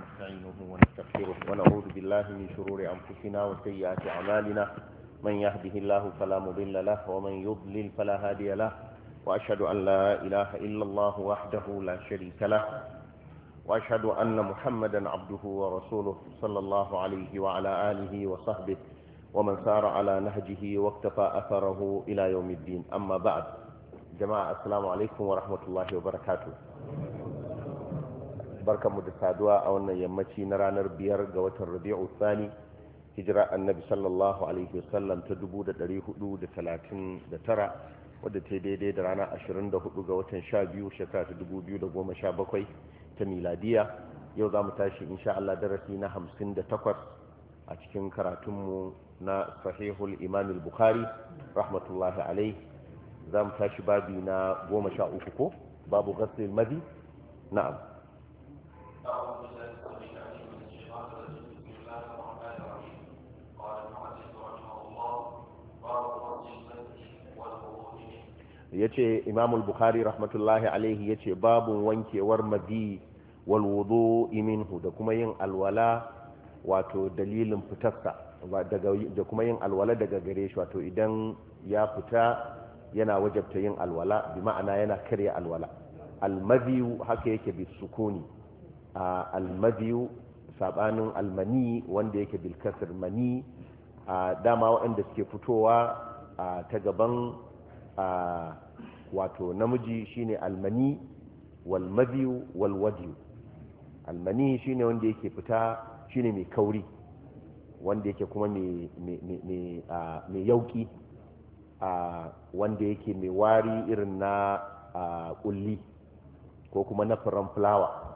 ونستعينه ونستغفره ونعوذ بالله من شرور أنفسنا وسيئات أعمالنا من يهده الله فلا مضل له ومن يضلل فلا هادي له وأشهد أن لا إله إلا الله وحده لا شريك له وأشهد أن محمدا عبده ورسوله صلى الله عليه وعلى آله وصحبه ومن سار على نهجه واقتفى أثره إلى يوم الدين أما بعد جماعة السلام عليكم ورحمة الله وبركاته barkanmu da saduwa a wannan yammaci na ranar biyar ga watan rabi'u sani hijira annabi sallallahu alaihi wasallam ta 439 wadda ta daidai da ranar 24 ga watan 12 shekara ta 2017 ta miladiya yau za mu tashi insha Allah darasi na 58 a cikin karatunmu na sahihul imam bukhari rahmatullahi alaihi za mu tashi babi na 13 ko babu ghaslil madi na'am yace ya ce imamul bukhari rahmatullahi alaihi ya ce babu wankewar mabi walwudu iminhu da kuma yin alwala wato dalilin fitarsa da kuma yin alwala daga gare shi wato idan ya fita yana wajabta yin alwala bi ma'ana yana karya alwala almabiyu haka yake bi sukuni almadiyu sabanin almani wanda yake bilkasir mani dama waɗanda suke fitowa ta gaban wato namiji shine almani walmadiyu walwadiyu almani shine wanda yake fita shine mai kauri wanda yake kuma mai yauki wanda yake mai wari irin na kulli ko kuma na furen fulawa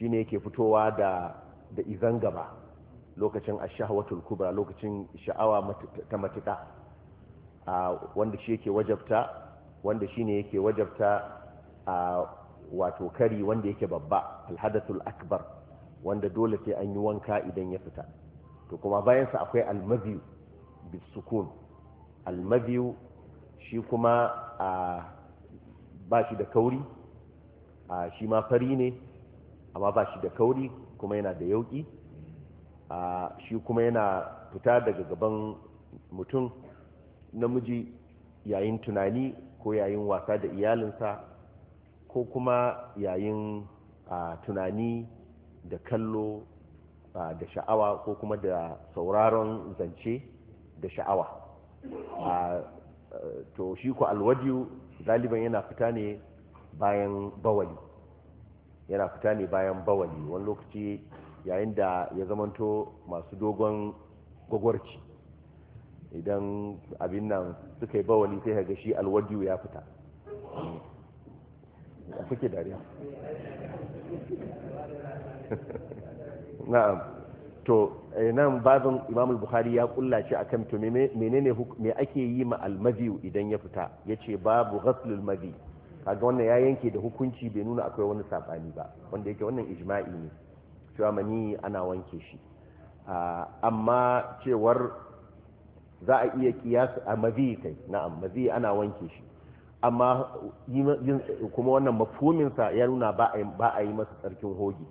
shine yake fitowa da da izan gaba lokacin ash-shahwatul kubra lokacin sha'awa ta matuka a wanda shi yake wajabta wanda shine yake wajabta a wato kari wanda yake babba al akbar wanda dole sai an yi wanka idan ya fita to kuma bayansa akwai al-madhi bisukun al shi kuma a ba shi da kauri a shi ma fari ne amma ba shi da kauri kuma yana da yauki shi kuma yana fita daga gaban mutum namiji yayin tunani ko yayin wasa da iyalinsa ko kuma yayin tunani da kallo da sha'awa ko kuma da sauraron zance da sha'awa to shi ku alwadiyu zaliban yana fita ne bayan bawali yana fita ne bayan bawali wani lokaci yayin da ya zamanto masu dogon gwagwarci idan abin nan suka yi bawali sai ga shi alwadiyu ya fita a kuke dariya na'am to eh, nan babin imamul buhari ya kulla shi kan to menene me ake yi ma almadiyu idan ya fita ya ce babu ghaslul maziyu kaga wannan ya yanke da hukunci bai nuna akwai wani sabani ba wanda yake wannan ijma'i ne cewa mani ana wanke shi amma cewar za a iya kiyas a mazi kai na'am mazi ana wanke shi amma kuma wannan mafuminsa ya nuna ba a yi masa tsarkin hogi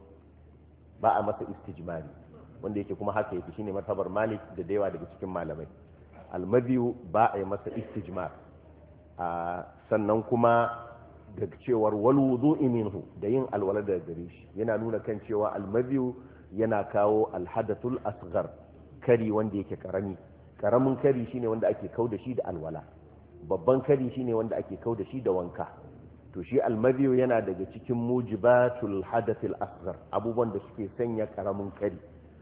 ba a masa istijmari wanda yake kuma haka yake shine matabar malik da dayawa daga cikin malamai almaziyu ba a yi masa istijmar sannan kuma da cewar wal wudu'i minhu da yin alwala daga gare shi yana nuna kan cewa almabiyu yana kawo alhadathul asgar kari wanda yake karami karamin kari shine wanda ake kau da shi da alwala babban kari shine wanda ake kau da shi da wanka to shi almabiyu yana daga cikin mujibatul hadathil asgar abubuwan da suke sanya karamin kari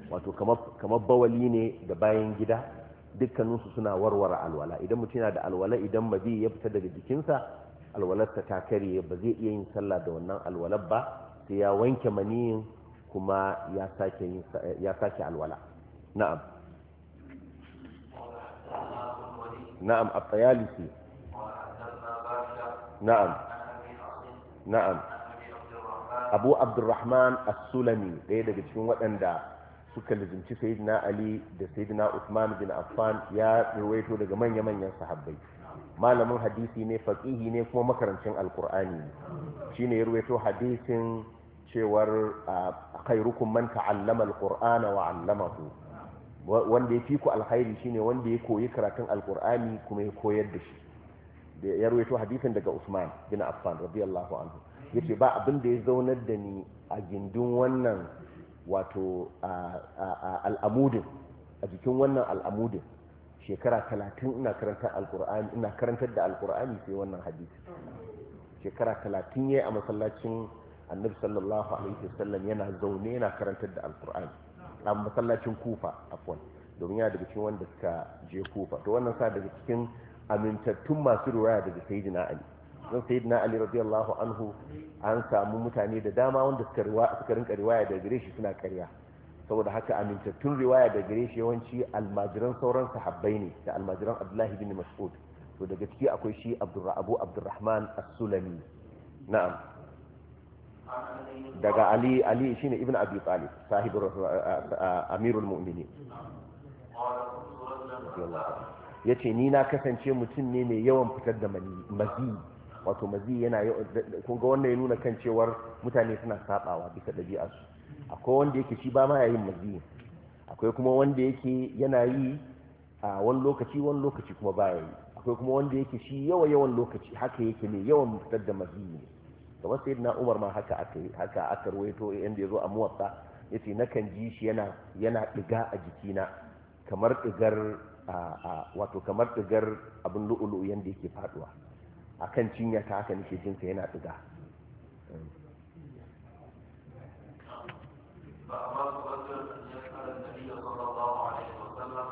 wato kamar bawali ne da bayan gida dukkaninsu suna warware alwala idan mutum yana da alwala idan mabi ya fita daga jikinsa alwalarsa ta karye ba zai iya yin sallah da wannan alwalar ba sai ya wanke maniyin kuma ya sake alwala na'am na'am a tsayalisi na'am na'am abu abdurrahman as-sulami ɗaya daga cikin waɗanda suka lizinci sayyidina ali da sayyidina usman bin affan ya ruwaito daga manya-manyan sahabbai malamin hadisi ne faqihi ne kuma makarancin alqur'ani ne shine ya ruwaito hadisin cewar khairukum man ta'allama alqur'ana wa 'allamahu wanda ya fi ku alkhairi shine wanda ya koyi karatun alqur'ani kuma ya koyar da shi ya ruwaito hadisin daga Usman bin Affan radiyallahu anhu yace ba abin da ya zaunar da ni a gindin wannan wato al'amudin a jikin wannan al'amudin shekara talatin ina karanta alkur'ani ina karantar da alkur'ani sai wannan hadisi shekara talatin ya yi a masallacin annabi sallallahu alaihi wasallam yana zaune yana karantar da alkur'ani a masallacin kufa afwan domin yana daga cikin wanda suka je kufa to wannan sa daga cikin amintattun masu ruwaya daga sayyidina ali don sayyidina ali radiyallahu anhu an samu mutane da dama wanda suka rinka riwaya da gare shi suna karya saboda haka amintattun riwaya da gare shi yawanci almajiran sauran sahabbai ne da almajiran abdullahi bin mas'ud to daga ciki akwai shi abu abdurrahman as-sulami na'am daga ali ali shine ibn abi talib sahibul uh, uh, amirul mu'minin yace ni na kasance mutum ne mai yawan fitar da mazi wato mazi yana kun ga wannan ya nuna kan cewar mutane suna sabawa bisa dabi'arsu akwai wanda yake shi ba ma yayin mazi akwai kuma wanda yake yana yi a wani lokaci wani lokaci kuma ba yi akwai kuma wanda yake shi yawa yawan lokaci haka yake ne yawan fitar da mazi ne kamar sai na umar ma haka aka haka aka ruwaito yanda ya zo a muwatta ya ce nakan ji shi yana yana ɗiga a jikina kamar ɗigar wato kamar ɗigar abin lu'ulu'u yanda yake faɗuwa akan cinya ta haka nake jinsa yana ɗiga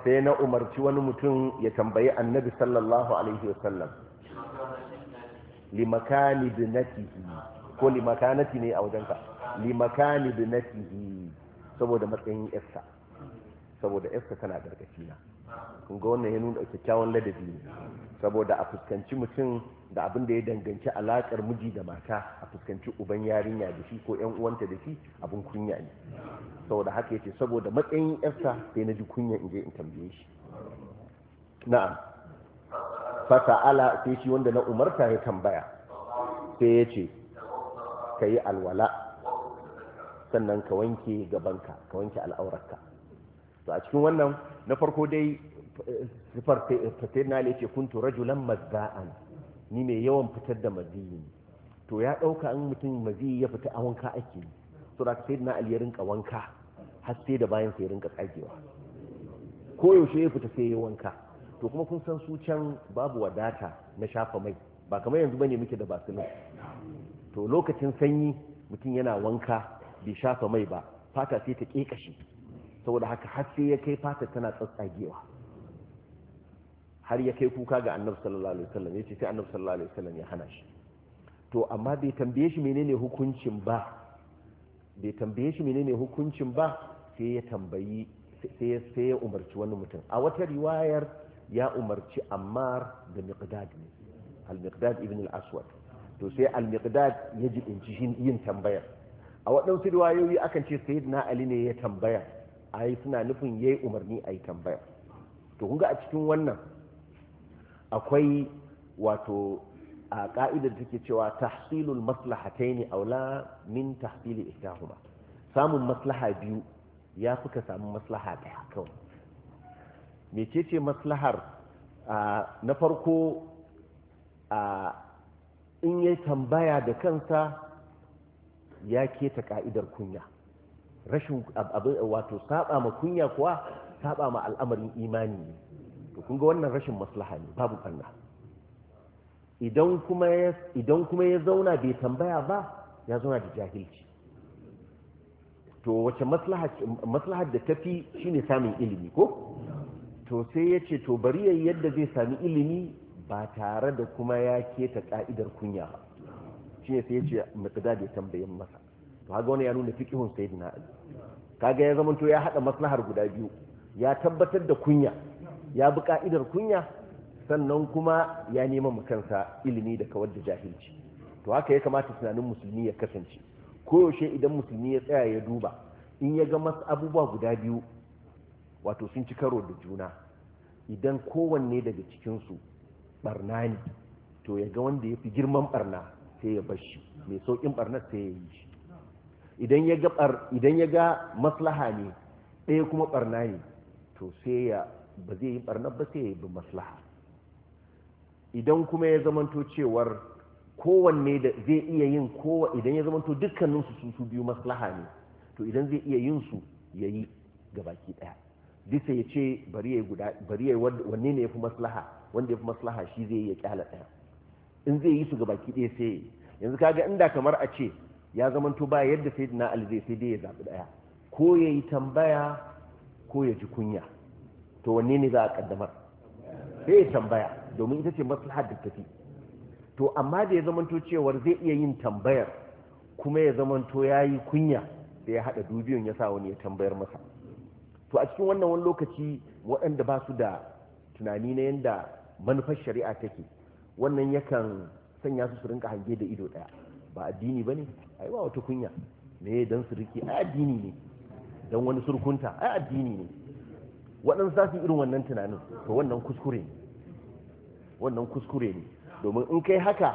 sai na umarci wani mutum ya tambayi annabi sallallahu alaihi wasallam limakani binatihi ko limakanati ne a wajenka limakani binatihi saboda matsayin yarsa saboda yarsa tana gargashi na kun ga wannan ya nuna kyakkyawan ladabi ne saboda a fuskanci mutum da abin da ya danganci alakar miji da mata a fuskanci uban yarinya da shi ko yan uwanta da shi abin kunya ne saboda haka yace saboda matsayin yarsa sai na ji kunya in je in tambaye shi na'am fa ta'ala sai shi wanda na umarta ya tambaya sai yace kai ka yi alwala sannan ka wanke gabanka ka wanke al'aurarka to a cikin wannan na farko dai sifar fatirna ne ce kuntu rajulan ni mai yawan fitar da maziyi to ya ɗauka an mutum maziyi ya fita a wanka ake yi to da sai na ali ya rinka wanka har sai da bayan sai rinka tsagewa ko yaushe ya fita sai ya wanka to kuma kun san su can babu wadata na shafa mai ba kamar yanzu bane muke da basilin to lokacin sanyi mutum yana wanka bai shafa mai ba fata sai ta kekashi saboda haka har sai ya kai fata tana tsatsagewa har ya kai kuka ga annabi sallallahu alaihi wasallam yace sai annabi sallallahu alaihi wasallam ya hana shi to amma bai tambaye shi menene hukuncin ba bai tambaye shi menene hukuncin ba sai ya tambayi sai sai ya umarci wani mutum a wata riwayar ya umarci Ammar da Miqdad ne al-Miqdad ibn al-Aswad to sai al-Miqdad ya jibinci yin tambayar a waɗansu riwayoyi akan ce sayyidina Ali ne ya tambaya ai suna nufin yi umarni ai tambaya to kun ga a cikin wannan akwai wato a ka'idar da take cewa tahsilul maslahataini aula min tahsili ihdahuma samun maslaha biyu ya fi samu maslaha ɗaya kawai mecece maslahar na farko in ya tambaya da kansa ya keta ka'idar kunya rashin wato saba ma kunya kuwa saba ma al'amarin imani ne to kun ga wannan rashin maslaha ne babu kanna idan kuma ya idan kuma ya zauna bai tambaya ba ya zauna da jahilci to wace maslaha maslaha da tafi shine samun ilimi ko to sai ya to bari yayi yadda zai sami ilimi ba tare da kuma ya keta ka'idar kunya ba shine sai ya ce mutada bai tambayin masa to haka wani ya nuna fiqhun sayyidina ali kaga ya zamanto ya haɗa maslahar guda biyu ya tabbatar da kunya ya bi ka'idar kunya sannan kuma ya neman kansa ilimi da kawar da jahilci to haka ya kamata tunanin musulmi ya kasance koyaushe idan musulmi ya tsaya ya duba in ya ga masu abubuwa guda biyu wato sun ci karo da juna idan kowanne daga cikinsu barna ne to ya ga wanda ya fi girman barna sai ya bashi shi mai sauƙin ɓarnar sai ya yi shi idan ya ga idan ya ga maslaha ne ɗaya kuma barna ne to sai ya ba zai yi barna ba sai ya yi maslaha idan kuma ya zamanto cewar kowanne da zai iya yin kowa idan ya zamanto dukkaninsu su su biyu maslaha ne to idan zai iya yin su ya yi gabaki ɗaya bisa ya ce bari ya guda bari ya wanne ne ya fi maslaha wanda ya fi maslaha shi zai yi ya kyala ɗaya in zai yi su gabaki ɗaya sai yanzu kaga inda kamar a ce ya zamanto ba yadda sayyidina ali zai sai dai ya zaɓi ɗaya ko ya yi tambaya ko ya ji kunya to wanne ne za a kaddamar sai ya tambaya domin ita ce masu da tafi to amma da ya zamanto cewar zai iya yin tambayar kuma ya zamanto ya yi kunya da ya haɗa dubiyun ya sa wani ya tambayar masa to a cikin wannan wani lokaci waɗanda ba su da tunani na yadda manufar shari'a take wannan yakan sanya su su rinka hange da ido ɗaya ba addini ba ne ai ba wata kunya me dan surki rike addini ne dan wani surkunta ai addini ne waɗansu za su irin wannan tunanin to wannan kuskure ne wannan kuskure ne domin in kai haka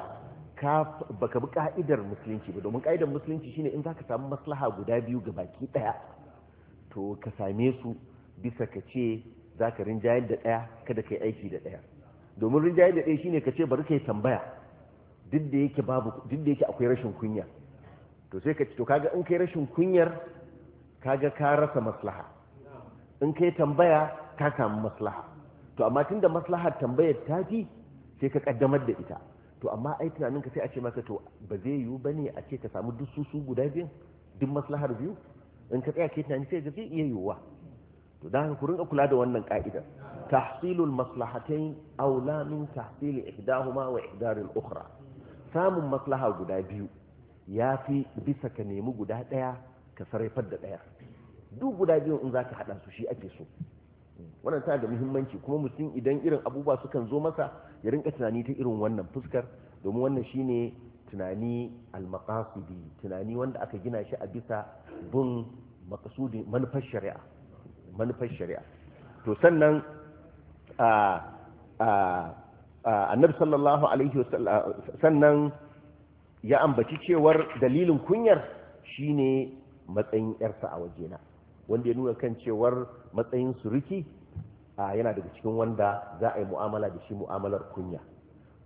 ka baka bi ka'idar musulunci ba domin ka'idar musulunci shine in zaka samu maslaha guda biyu ga baki ɗaya, to ka same su bisa ka ce zaka rinjayar da ɗaya, kada kai aiki da ɗaya. domin rinjayar da daya shine ka ce bari kai tambaya duk da yake babu duk akwai rashin kunya to sai ka ci to kaga in kai rashin kunyar kaga ka rasa maslaha in kai tambaya ka samu maslaha to amma tunda maslahar tambayar ta fi sai ka kaddamar da ita to amma ai tunanin ka sai a ce maka to ba zai yiwu bane a ce ka samu duk susu guda biyu duk maslahar biyu in ka tsaya ke tunanin sai ga zai iya yiwuwa to da haka ku kula da wannan ka'idar tahsilul maslahatain aula min tahsil ihdahuma wa ihdaril ukhra samun maslaha guda biyu ya fi bisa ka nemi guda ɗaya ka sarrafar da ɗaya duk guda biyu in za ka haɗa su shi ake so wannan tana da muhimmanci kuma mutum idan irin abubuwa sukan zo masa ya rinka tunani ta irin wannan fuskar domin wannan shine tunani almaqasidi tunani wanda aka gina shi a bisa bin maqsudi manufar shari'a manufar shari'a to sannan a annabi sallallahu alaihi wasallam sannan ya ambaci cewar dalilin kunyar shine matsayin yarsa a wajena wanda ya nuna kan cewar matsayin suruki yana daga cikin wanda za a yi mu'amala da shi mu'amalar kunya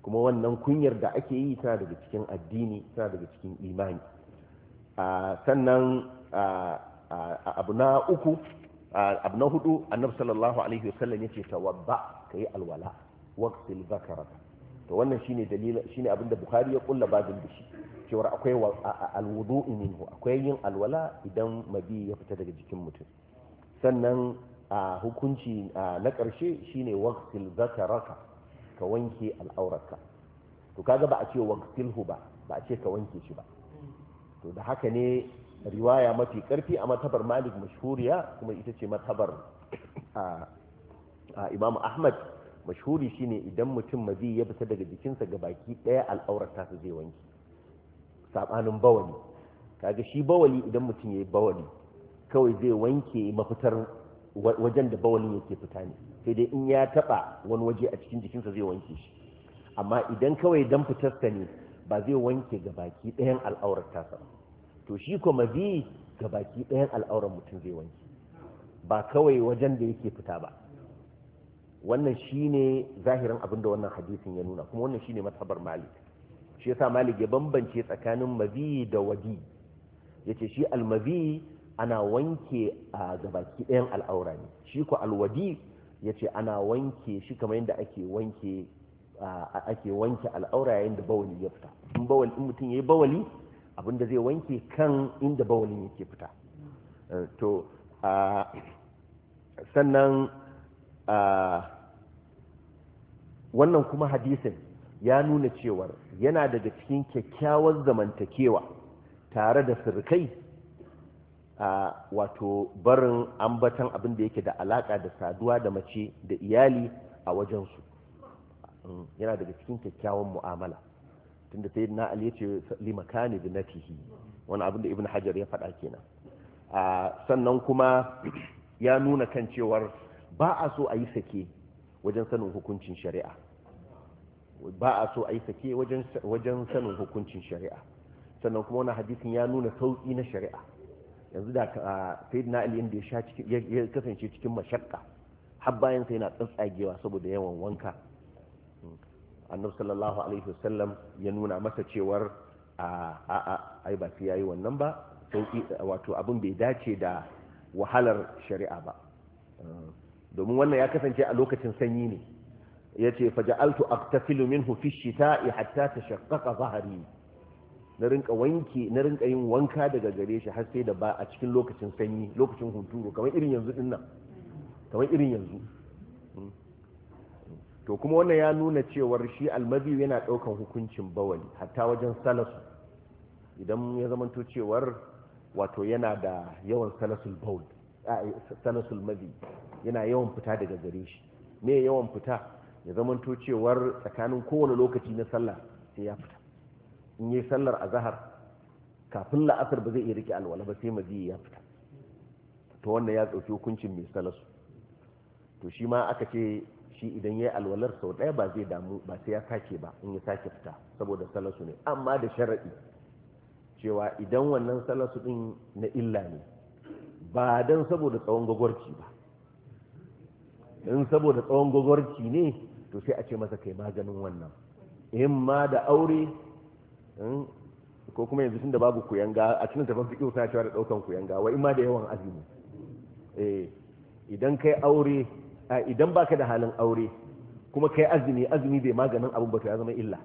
kuma wannan kunyar da ake yi tana daga cikin addini tana daga cikin imani sannan abu na uku abu na hudu annabi sallallahu alaihi wasallam yace tawabba kai alwala waqtil zakara to wannan shine dalila shine abinda bukhari ya kulla babin da shi cewa akwai alwudu minhu akwai yin alwala idan mabi ya fita daga jikin mutum sannan a hukunci na karshe shine waqtil zakaraka ka wanke al'aurarka to kaga ba a ce waqtilhu ba ba a ce ka wanke shi ba to da haka ne riwaya mafi karfi a matabar malik mashhuriya kuma ita ce matabar a imam ahmad mashhuri shine idan mutum mazi ya fita daga jikinsa ga baki ɗaya al'aurar ta su zai wanki sabanin bawali kaga shi bawali idan mutum yayi bawali kawai zai wanke mafitar wajen da bawalin yake fita ne sai dai in ya taɓa wani waje a cikin jikinsa zai wanke shi amma idan kawai dan fitarsa ne ba zai wanke ga baki ɗayan al'aurar ba to shi ko mazi ga baki ɗayan al'aurar mutum zai wanke ba kawai wajen da yake fita ba wannan shine zahirin abin da wannan hadisin ya nuna kuma wannan shine masabar malik shi yasa malik ya bambance tsakanin mabi da wadi yace shi almabi ana wanke a gabaki ɗayan al'aura ne shi ko alwadi yace ana wanke shi kamar yadda ake wanke ake wanke al'aura yayin da bawali ya fita in bawali in mutum yayi bawali abin da zai wanke kan inda bawalin yake fita eh, to sannan wannan kuma hadisin ya nuna cewar yana daga cikin kyakkyawar zamantakewa tare da sirkai a wato barin ambatan abin da yake da alaka da saduwa da mace da iyali a wajensu mm, yana daga cikin kyakkyawan mu'amala tunda sai na ali yace limakani na natihi wani abin da ibn hajar ya faɗa kenan a sannan kuma ya nuna kan cewar ba a so a yi sake wajen sanin hukuncin shari'a ba a so a yi sake wajen sanin hukuncin shari'a sannan kuma wani hadisin ya nuna sauƙi na shari'a yanzu da na ali da ya kasance cikin mashakka har bayan sai yana tsatsagewa saboda yawan wanka annabi sallallahu alaihi wasallam ya nuna masa cewar a a ai ba sai yayi wannan ba Sauƙi wato abin bai dace da wahalar shari'a ba domin wannan ya kasance a lokacin sanyi ne yace faja'altu aqtafilu minhu fi shita'i hatta tashaqqaqa zahri na rinka wanki na rinka yin wanka daga gare shi har sai da ba a cikin lokacin sanyi lokacin hunturu kamar irin yanzu din nan kamar irin yanzu hmm. to kuma wannan ya nuna cewar shi almabi yana daukan hukuncin bawali hatta wajen salasu idan ya zamanto cewar wato yana da yawan salasul bawl salasul mabi yana yawan fita daga gare shi me yawan fita ya zamanto cewar tsakanin kowane lokaci na sallah sai ya fita in yi sallar azahar kafin la'asar ba zai iya rike alwala ba sai mazi ya fita to wannan ya ɗauki hukuncin mai salasu to shi ma aka ce shi idan ya yi alwalar sau ɗaya ba zai damu ba sai ya sake ba in ya sake fita saboda salasu ne amma da sharaɗi cewa idan wannan salasu ɗin na illa ne ba don saboda tsawon gwagwarci ba in saboda tsawon gwagwarci ne to sai a ce masa kai maganin wannan in ma da aure ko kuma yanzu tun da babu kuyanga a cikin tafan fiƙi suna cewa da ɗaukan kuyanga wa in ma da yawan azumi eh, idan kai aure idan baka da halin aure kuma kai azumi azumi bai maganin abin ba to ya zama illa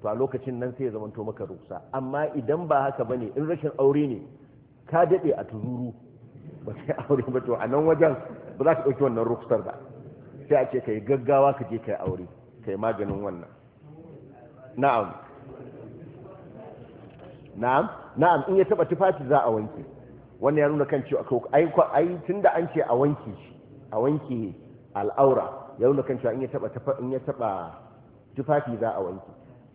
to a lokacin nan sai ya zama to maka ruksa amma idan ba haka bane in rashin aure ne ka daɗe a tuzuru ba sai aure ba to a nan wajen ba za ka ɗauki wannan ruksar ba sai a ce ka yi gaggawa ka je ka yi aure ka yi maganin wannan na'am na'am na'am in ya taba tufafi za a wanke wannan ya nuna kan cewa ai tunda an ce a wanke shi a wanke al'aura ya nuna kan cewa in ya taba in ya taba tufafi za a wanke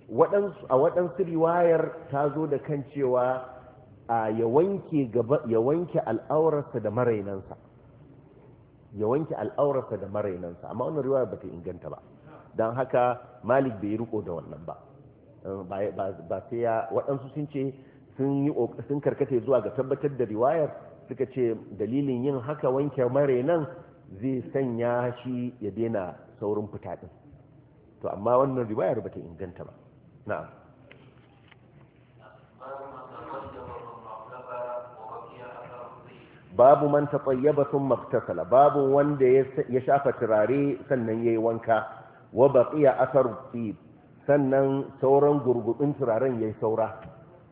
waɗansu a waɗansu riwayar ta zo da kan cewa ya wanke al'aurarsa da marainansa ya wanke al'aurarsa da marainansa amma wannan riwaya ta inganta ba don haka malik bai yi riko da wannan ba ba sai ya waɗansu sun ce sun yi karkata zuwa ga tabbatar da riwayar suka ce dalilin yin haka wanke marainan zai sanya shi ya daina saurin fitaɗin to amma wannan riwayar ba ta inganta ba na'am babu man tsayyaba sun iktasala babu wanda ya shafa turare sannan ya yi wanka wa baƙiya asar tib sannan sauran gurgudun turaren yi saura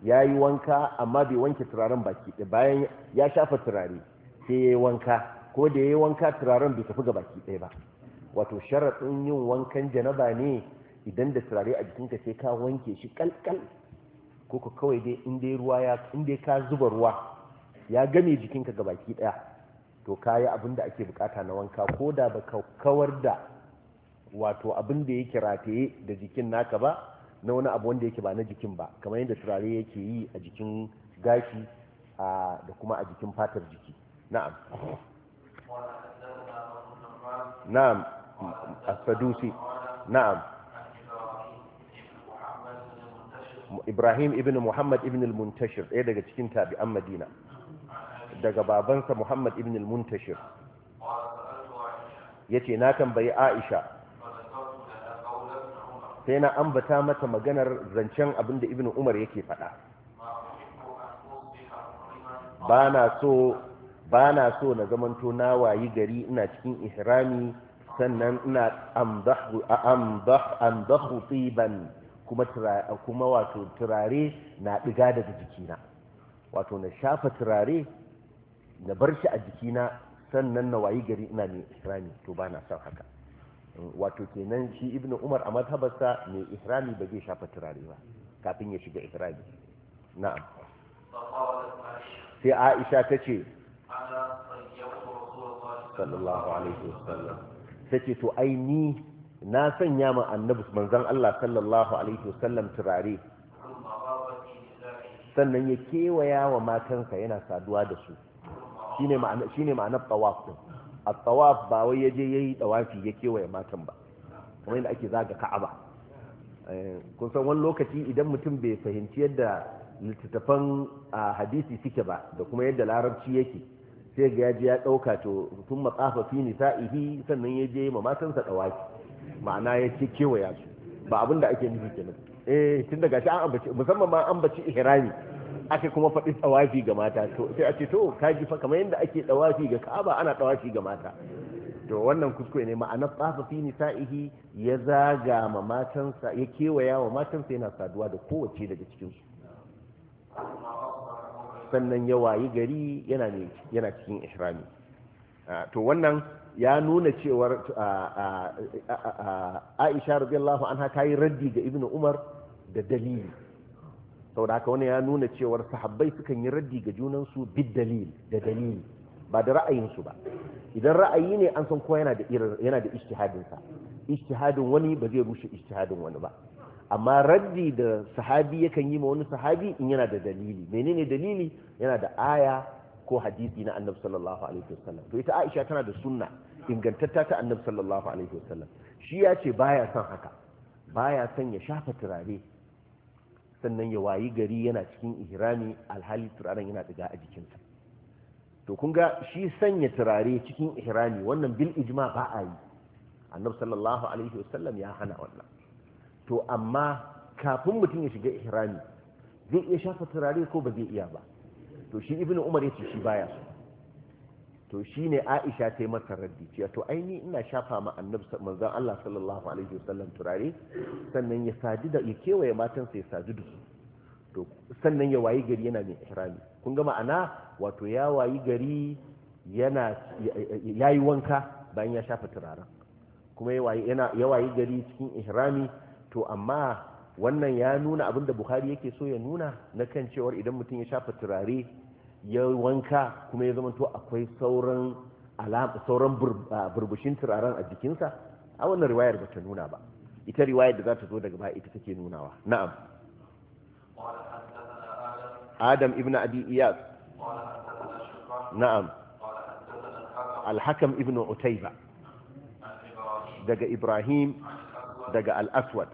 ya yi wanka amma bai wanke turaren baki ɗaya bayan ya shafa turare sai yi wanka ko da yayi wanka turaren bai tafi ga baki ɗaya ba wato sharaɗin yin wankan janaba ne idan da turare a jikinka sai ka wanke shi kalkal ko ka kawai dai inda ruwa ya in dai ka zuba ruwa ya game jikinka ga baki daya to kayi abin da ake bukata na wanka ko da ba kawar da wato abin da yake rataye da jikin naka ba na wani abu wanda yake ba na jikin ba kamar yadda turare yake yi a jikin gashi da kuma a jikin fatar jiki na'am na'am na'am Ibrahim ibn Muhammad ibn al-Muntashir ɗaya daga cikin tabi'an Madina daga babansa Muhammad ibn al-Muntashir yace na tambayi Aisha sai na ambata mata maganar zancen abinda ibn Umar yake faɗa bana so bana so na zamanto na wayi gari ina cikin ihrami sannan ina amdahu amdahu amdahu tiban kuma kuma wato turare na diga daga jikina wato na shafa turare na bar shi a jikina sannan na wayi gari ina mai ihrami to ba na son haka wato kenan shi ibn umar a mazhabarsa mai ihrami ba zai shafa turare ba kafin ya shiga ihrami na'am sai aisha ta ce sallallahu alaihi wasallam ta ce to ai ni na sanya ma annabi manzon Allah sallallahu alaihi wasallam turare sannan ya kewaya wa matansa yana saduwa da su shine ma'ana shine ma'anar tawaf din at-tawaf ba wai yaje yayi tawafi ya kewaye matan ba kuma yadda ake zaga ka'aba eh, kun san wani lokaci idan mutum bai fahimci yadda littattafan hadisi suke ba da kuma yadda larabci yake sai ga yaji ya dauka to tun matsafa fi nisa'ihi sannan ya je ma matansa dawaki ma'ana ya ce kewaya su ba abin da ake nufi kenan eh tun daga shi an ambaci musamman ma an ambaci ihrami aka kuma faɗi tsawafi ga mata to sai a ce to kaji fa kamar yadda ake tsawafi ga ka'aba ana tsawafi ga mata to wannan kuskure ne ma'anar tsafa fi nisa'ihi ya zaga ma matansa ya kewaya wa matansa yana saduwa da kowace daga cikin su sannan ya wayi gari yana ne cikin ihrami to wannan ya nuna cewar Aisha radiyallahu anha yi raddi ga Ibn Umar da dalili da haka wani ya nuna cewar sahabbai sukan yi raddi ga junansu bid dalil da dalili ba da ra'ayinsu ba idan ra'ayi ne an san kowa yana da yana da wani ba zai rushe ijtihadin wani ba amma raddi da sahabi yakan yi ma wani sahabi in yana da dalili menene dalili yana da aya ko hadisi na annabi sallallahu alaihi wasallam to ita Aisha tana da sunna ingantatta ta annabi sallallahu alaihi wasallam shi ya ce baya son haka baya son ya shafa turare sannan ya wayi gari yana cikin ihrami alhali turaren yana daga a jikinsa to kun ga shi sanya turare cikin ihrami wannan bil ijma ba a yi annab sallallahu alaihi wasallam ya hana wannan to amma kafin mutum ya shiga ihrami zai iya shafa turare ko ba zai iya ba to shi ibnu umar ya ce shi baya so to shi ne Aisha ta yi masa raddi cewa to aini ina shafa ma manzan Allah sallallahu alaihi wasallam turare sannan ya sadu da ya kewaye matan ya sadu da su to sannan ya wayi gari yana mai ihrami kun ga ma'ana wato ya wayi gari yana yayi wanka bayan ya shafa turaren kuma ya wayi gari cikin ihrami to amma wannan ya nuna abinda Buhari yake so ya nuna na kan cewar idan mutum ya shafa turare ya wanka kuma ya zamanto akwai sauran sauran burbushin turaren a jikinsa a wannan riwayar ba ta nuna ba ita riwayar da za ta zo daga baya ita take nunawa na'am adam ibn abi iyas na'am alhakam ibn utaiba daga ibrahim daga al-aswad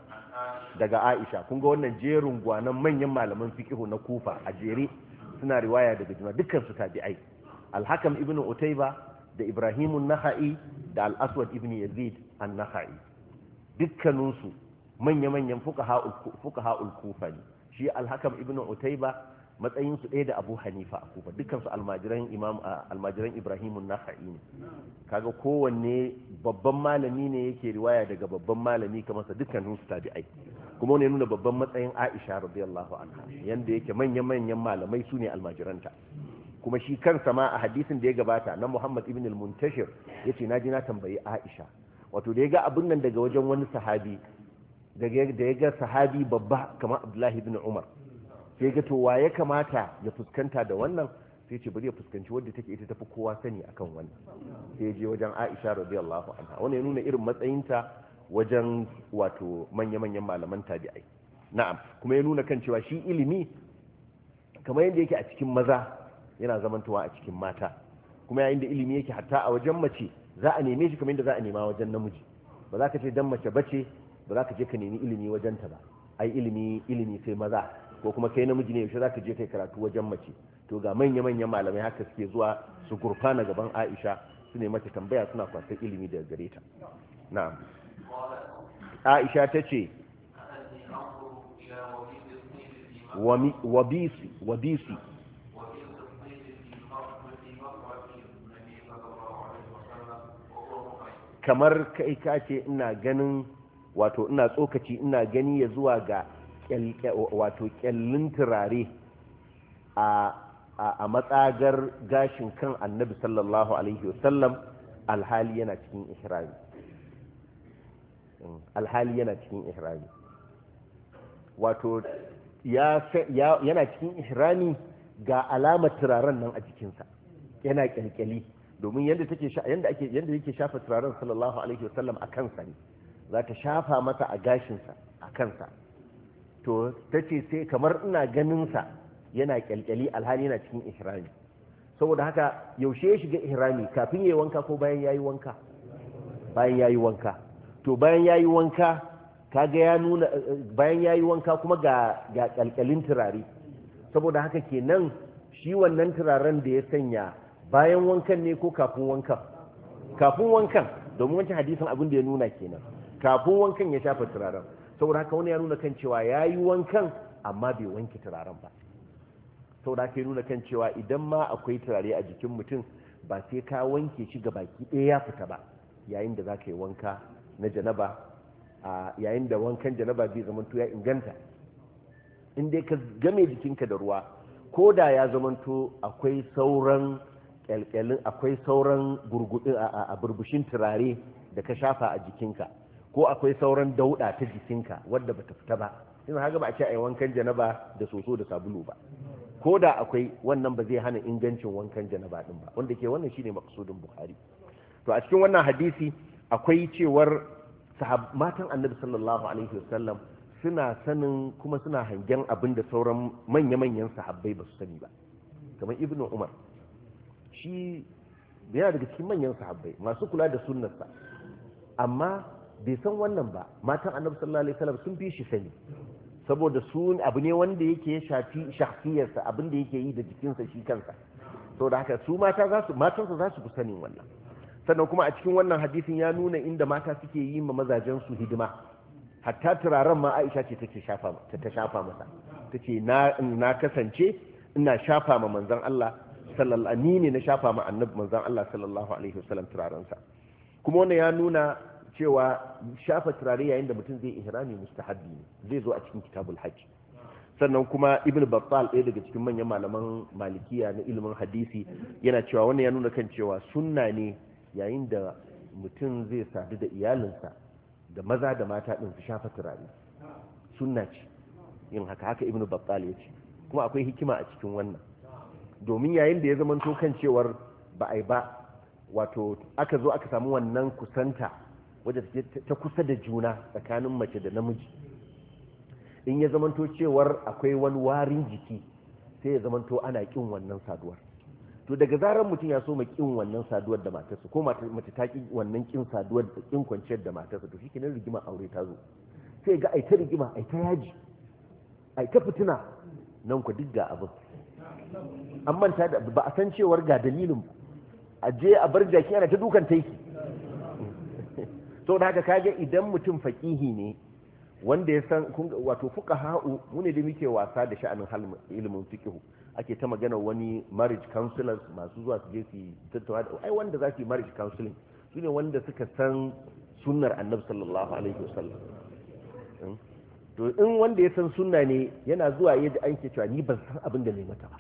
daga aisha kun ga wannan jerin gwanan manyan malaman fiqihu na kufa a jere suna riwaya da juna dukkan su tabi'ai al-hakam ibn utayba da ibrahimu naha'i da al-aswad ibn yazid an nahai dukkanunsu su manya-manyan fuqaha al-kufa shi al-hakam ibn utayba matsayin su ɗaya da abu hanifa a kufa dukkan almajiran imam almajiran ibrahim naha'i ne kaga kowanne babban malami ne yake riwaya daga babban malami kamar sa dukkanin su tabi'ai kuma ne nuna babban matsayin aisha radiyallahu anha yanda yake manya-manyan malamai su ne almajiranta kuma shi kansa ma a hadisin da ya gabata na muhammad ibn al-muntashir ya ce na ji na tambayi aisha wato da ya ga abin nan daga wajen wani sahabi da ya ga sahabi babba kamar abdullahi ibn umar sai ga to ya kamata ya fuskanta da wannan sai ce bari ya fuskanci wadda take ita tafi kowa sani akan wannan sai je wajen aisha radiyallahu anha wannan ya nuna irin matsayinta wajen wato manya-manyan malaman tabi'ai na'am kuma ya nuna kan cewa shi ilimi kamar yadda yake a cikin maza yana zamantawa a cikin mata kuma yayin da ilimi yake hatta a wajen mace za a neme shi kamar yadda za a nema wajen namiji ba za ka ce dan mace bace ba za ka je ka nemi ilimi wajen ta ba ai ilimi ilimi sai maza ko kuma kai namiji ne yaushe za ka je kai karatu wajen mace to ga manya-manyan malamai haka suke zuwa su gurfana gaban Aisha su ne mata tambaya suna kwasar ilimi daga gare ta na'am aisha ta ce wabisi kamar kai ka ce ina ganin wato ina tsokaci ina gani ya zuwa ga wato kyallin turare a matsagar gashin kan annabi sallallahu alaihi wasallam alhali yana cikin ihrami alhali yana cikin ihrami wato yana cikin ihrami ga alamar turaren nan a jikinsa yana kyalkyali domin yadda take yadda yake shafa turaren sallallahu alaihi wasallam a kansa ne za ta shafa masa a gashinsa a kansa to ta ce sai kamar ina ganin sa yana kyalkyali alhali yana cikin ihrami saboda haka yaushe ya shiga ihrami kafin ya yi wanka ko bayan yi wanka bayan yayi wanka to bayan ya yi wanka kaga ya nuna bayan ya yi wanka kuma ga ƙalƙalin turare saboda haka kenan shi wannan turaren da ya sanya bayan wankan ne ko kafin wankan kafin wankan domin wancan hadisin abin da ya nuna kenan kafin wankan ya shafa turaren saboda haka wani ya nuna kan cewa ya yi wankan amma bai wanke turaren ba saboda haka ya nuna kan cewa idan ma akwai turare a jikin mutum ba sai ka wanke shi ga baki ɗaya ya fita ba yayin da za ka yi wanka na janaba a yayin da wankan janaba zai zamanto ya inganta in dai ka game jikinka da ruwa ko da ya zamanto akwai sauran kyalkyalin akwai sauran gurgudin a burbushin turare da ka shafa a jikinka ko akwai sauran dauda ta jikinka wadda bata fita ba in haka ba a ce a yi wankan janaba da soso da sabulu ba ko da akwai wannan ba zai hana ingancin wankan janaba din ba wanda ke wannan shine makasudin bukhari to a cikin wannan hadisi akwai cewar matan annabi sallallahu alaihi wasallam suna sanin kuma suna hangen abin da sauran manya-manyan sahabbai ba su sani ba kamar ibn umar shi yana daga cikin manyan sahabbai masu kula da sunnarsa amma bai san wannan ba matan annabi sallallahu alaihi wasallam sun fi shi sani saboda su abu ne wanda yake shafi shakhsiyarsa abin da yake yi da jikinsa shi kansa da haka su mata za su matansa za su fi sanin wannan sannan kuma a cikin wannan hadisin ya nuna inda mata suke yi ma mazajen su hidima hatta turaren ma Aisha ce take shafa ta shafa masa tace na na kasance ina shafa ma manzon Allah sallallahu ne na shafa ma annabi manzon Allah sallallahu alaihi wasallam turaren sa kuma wannan ya nuna cewa shafa turare yayin da mutum zai ihrami mustahabbi ne zai zo a cikin kitabul hajj sannan kuma ibn battal ɗaya daga cikin manyan malaman malikiya na ilimin hadisi yana cewa wannan ya nuna kan cewa sunna ne yayin da mutum zai sadu da iyalinsa da maza da mata ɗin su shafa turare sunna ce yin haka haka ibnu babbal ya ce kuma akwai hikima a cikin wannan domin yayin da ya zama to kan cewar ba ai ba wato aka zo aka samu wannan kusanta wadda ta kusa da juna tsakanin mace da namiji in ya zamanto cewar akwai wani warin jiki sai ya zamanto ana kin wannan saduwar to daga zarar mutum ya so ma kin wannan saduwar da matarsa ko mace ta ki wannan kin saduwar da kin kwanciyar da matarsa to shikenan rigima aure ta zo sai ga aita ta rigima aita ta yaji aita ta fitina nan ku duk ga abin an manta da ba a san cewar ga dalilin a je a bar jaki ana ta dukan taiki to da haka kaga idan mutum faqihi ne wanda ya san wato fuqaha'u mu ne da muke wasa da sha'anin ilimin fiqhu ake ta magana wani marriage counselors masu zuwa su je su tattauna da ai wanda za su yi marriage counseling su ne wanda suka san sunnar annabi sallallahu alaihi wasallam hmm? to in wanda ya san sunna ne yana zuwa yadda an cewa ni ban san abin da ne mata ba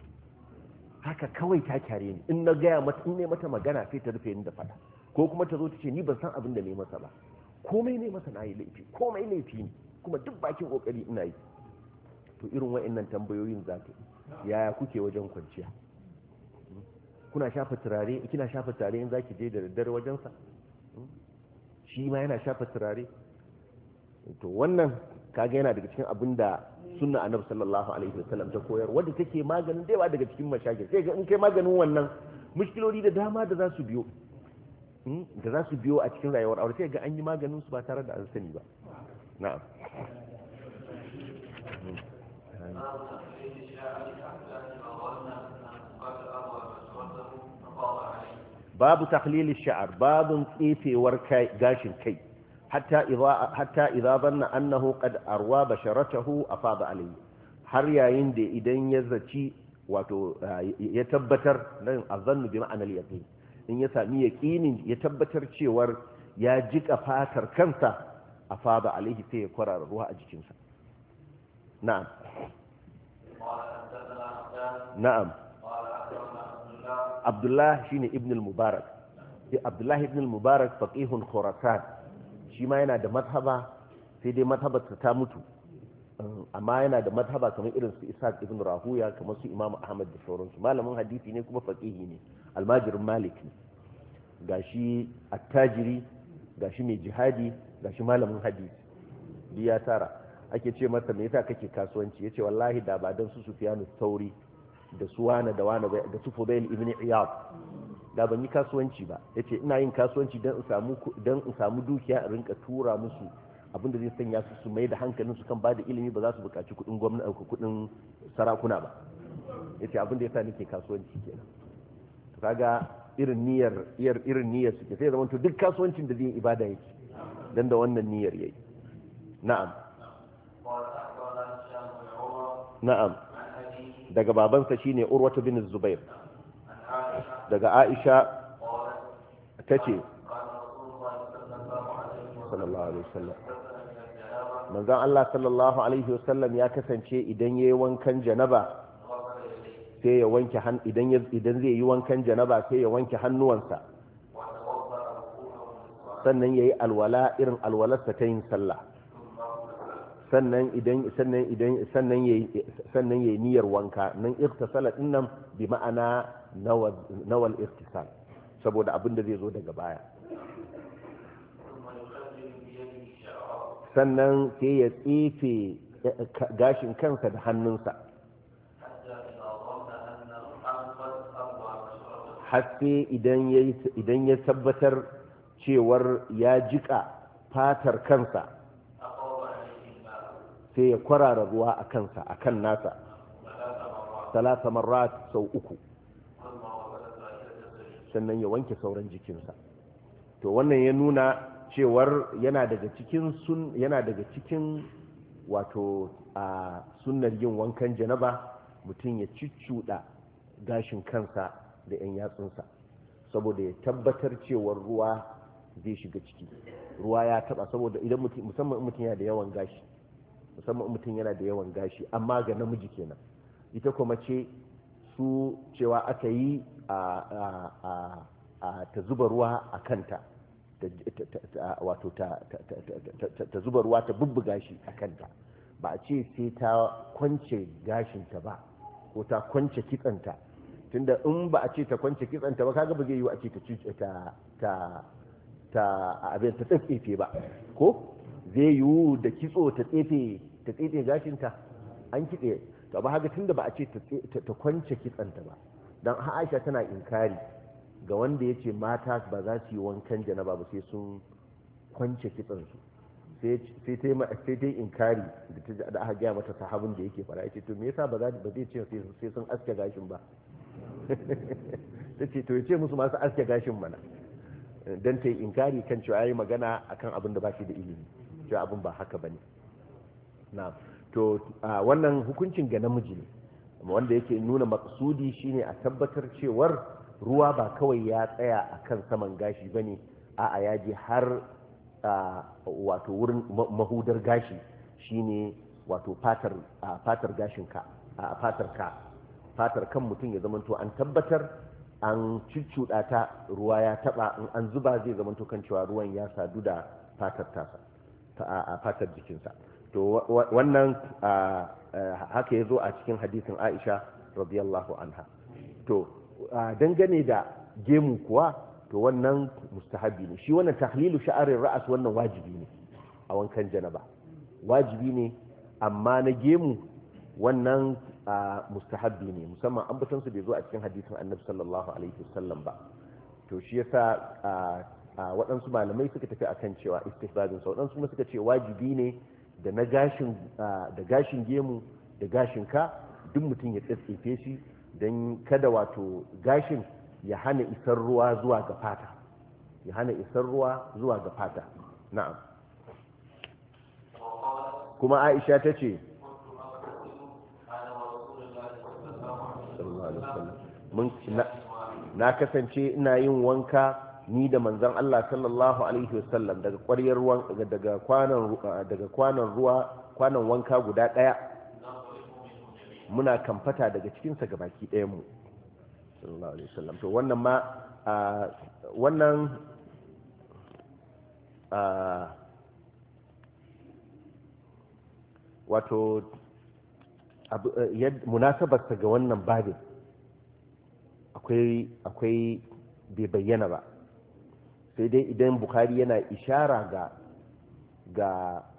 haka kawai ta kyare ni in na gaya mata in ne mata magana sai ta rufe ni da fada ko kuma ta zo ta ce ni ban san abin da ne mata ba komai ne masa na yi laifi komai laifi ne kuma duk bakin kokari ina yi to irin wa'annan tambayoyin za ta yi yaya kuke wajen kwanciya kuna shafa turare kina shafa turare in zaki je da daddare wajensa shi ma yana shafa turare to wannan kaga yana daga cikin abin da sunna annabi sallallahu alaihi wasallam ta koyar wanda take maganin da yawa daga cikin mashakil sai ga in kai maganin wannan mushkilori da dama da za su biyo hmm, da za su biyo a cikin rayuwar aure sai ga an yi maganin su ba tare da an sani ba na'am babu tahlilin sha'ar babun tsefewar gashin kai hatta idza banna annahu qad arwa basharatahu afada alayhi har yayin da idan ya zaci wato eh, ya tabbatar nan azannu bi ma'anar yaqin in ya sami yaqinin ya tabbatar cewar ya jika fatar kansa afada alayhi sai ya kwarara ruwa a jikinsa na'am na'am abdullah ne ibn al-mubarak sai abdullah ibn al-mubarak faqihun khurasan shi ma yana da mazhaba sai dai mazhabarsa ta mutu amma yana da mazhaba kamar irin su Isaac ibn Rahuya kamar su Imam Ahmad da sauransu malamin hadisi ne kuma faqihi ne almajirin Malik ne gashi attajiri gashi mai jihadi gashi malamin hadisi Biya tara ake ce masa me yasa kake kasuwanci yace wallahi da ba dan su Sufyanu tauri. da su wane da wane da su fudail ibn iyad da ban yi kasuwanci ba yace ina yin kasuwanci dan in samu dan in samu dukiya in rinka tura musu abinda zai sanya su su mai da hankalin su kan ba da ilimi ba za su buƙaci kuɗin gwamnati kuɗin sarakuna ba yace abinda yasa nake kasuwanci kenan to kaga irin niyyar irin niyyar su ke sai zaman to duk kasuwancin da zai ibada yake dan da wannan niyyar yayi na'am na'am daga babansa shine urwatu bin zubair daga aisha ta ce alaihi Allah sallallahu alaihi wasallam ya kasance idan ya yi wankan janaba sai ya wanke idan idan zai yi wankan janaba sai ya wanke hannuwansa sannan yayi alwala irin alwalarsa ta yin sallah sannan idan sannan idan sannan yayi sannan yayi niyyar wanka nan iktisala dinnan bi ma'ana nawal iktisal saboda abin da zai zo daga baya sannan sai ya tsefe eh, gashin kansa da hannunsa haske idan ya tabbatar cewar ya jika fatar kansa sai ya kwarara ruwa a kansa a kan nasa talata marat sau uku sannan ya wanke sauran jikinsa to wannan ya nuna cewar yana daga cikin sun yana daga cikin wato a sunnar yin wankan janaba mutum ya ciccuda gashin kansa da 'yan yatsunsa saboda ya tabbatar cewar ruwa zai shiga ciki ruwa ya taba saboda idan musamman mutum yana da yawan gashi musamman mutum yana da yawan gashi amma ga namiji kenan ita kuma ce su cewa aka yi ta zuba ruwa a kanta wato ta zuba ruwa ta bubbuga shi a kanta ba a ce sai ta kwance gashinta ba ko ta kwance kitsanta tunda in ba a ce ta kwance kitsanta ba kaga ba zai yi a ce ta ta ta abin ta ba ko zai yiwu da kitso ta tsefe ta tsefe gashinta an kitse to ba haka tunda ba a ce ta kwance kitsanta ba dan Aisha tana inkari ga wanda yace mata ba za su yi wankan janaba ba sai sun kwance kitsansu sai ta yi inkari da aka gaya mata sahabin da yake fara ce to me yasa ba zai ce sai sun aske gashin ba ta ce to ya ce musu masu aske gashin mana don ta yi inkari kan cewa ya yi magana akan abin da ba shi da ilimi cewa abin ba haka bane na to wannan hukuncin ga namiji ne wanda yake nuna maksudi shine a tabbatar cewar ruwa ba kawai ya tsaya a kan saman gashi ba ne. a a yaji har wato wurin mahudar gashi shine wato fatar gashin ka fatar ka fatar kan mutum ya zamanto an tabbatar an cuccuɗa ta ruwa ya taɓa in an zuba zai zamanto kan cewa ruwan ya sadu da fatar tasa a fatar jikinsa to wannan haka ya zo a cikin hadisin aisha radiyallahu anha to dangane da gemu kuwa to wannan mustahabi ne shi wannan tahlilu sha'arin ra'as wannan wajibi ne a wankan janaba wajibi ne amma na gemu wannan mustahabi ne musamman an batansu bai zo a cikin hadisin annabi sallallahu alaihi wasallam ba to shi yasa waɗansu malamai suka tafi akan cewa istihbazin sa waɗansu kuma suka ce wajibi ne da na gashin da gashin gemu da gashin ka duk mutum ya tsefe shi don kada wato gashin ya hana isar ruwa zuwa ga fata ya hana isar ruwa zuwa ga fata na'am kuma aisha ta ce na kasance ina yin wanka ni da manzon Allah sallallahu alaihi wasallam daga ƙwaryar ruwan daga kwanan ah, daga kwanan ruwa kwanan wanka guda ɗaya muna kamfata daga cikin sa gabaki ɗayan mu sallallahu alaihi wasallam to wannan ma ah, wannan ah, wato eh, munasabarsa ga wannan babin akwai bai bayyana ba sai dai idan bukari yana ishara ga ga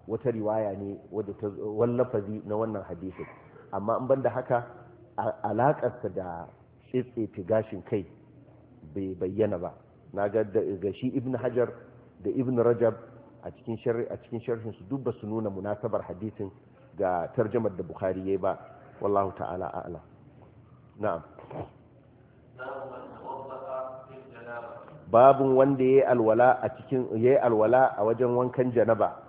wata riwaya ne wadda ta wallafazi na wannan hadisin amma in banda haka alakarsa da tsitsefe gashin kai bai bayyana ba na ga shi ibn hajar da ibn rajab a cikin a cikin sharhin su duk ba su nuna munasabar hadisin ga tarjamar da bukhari yayi ba wallahu ta'ala a'lam na'am babin wanda ya yi alwala a cikin ya alwala a wajen wankan janaba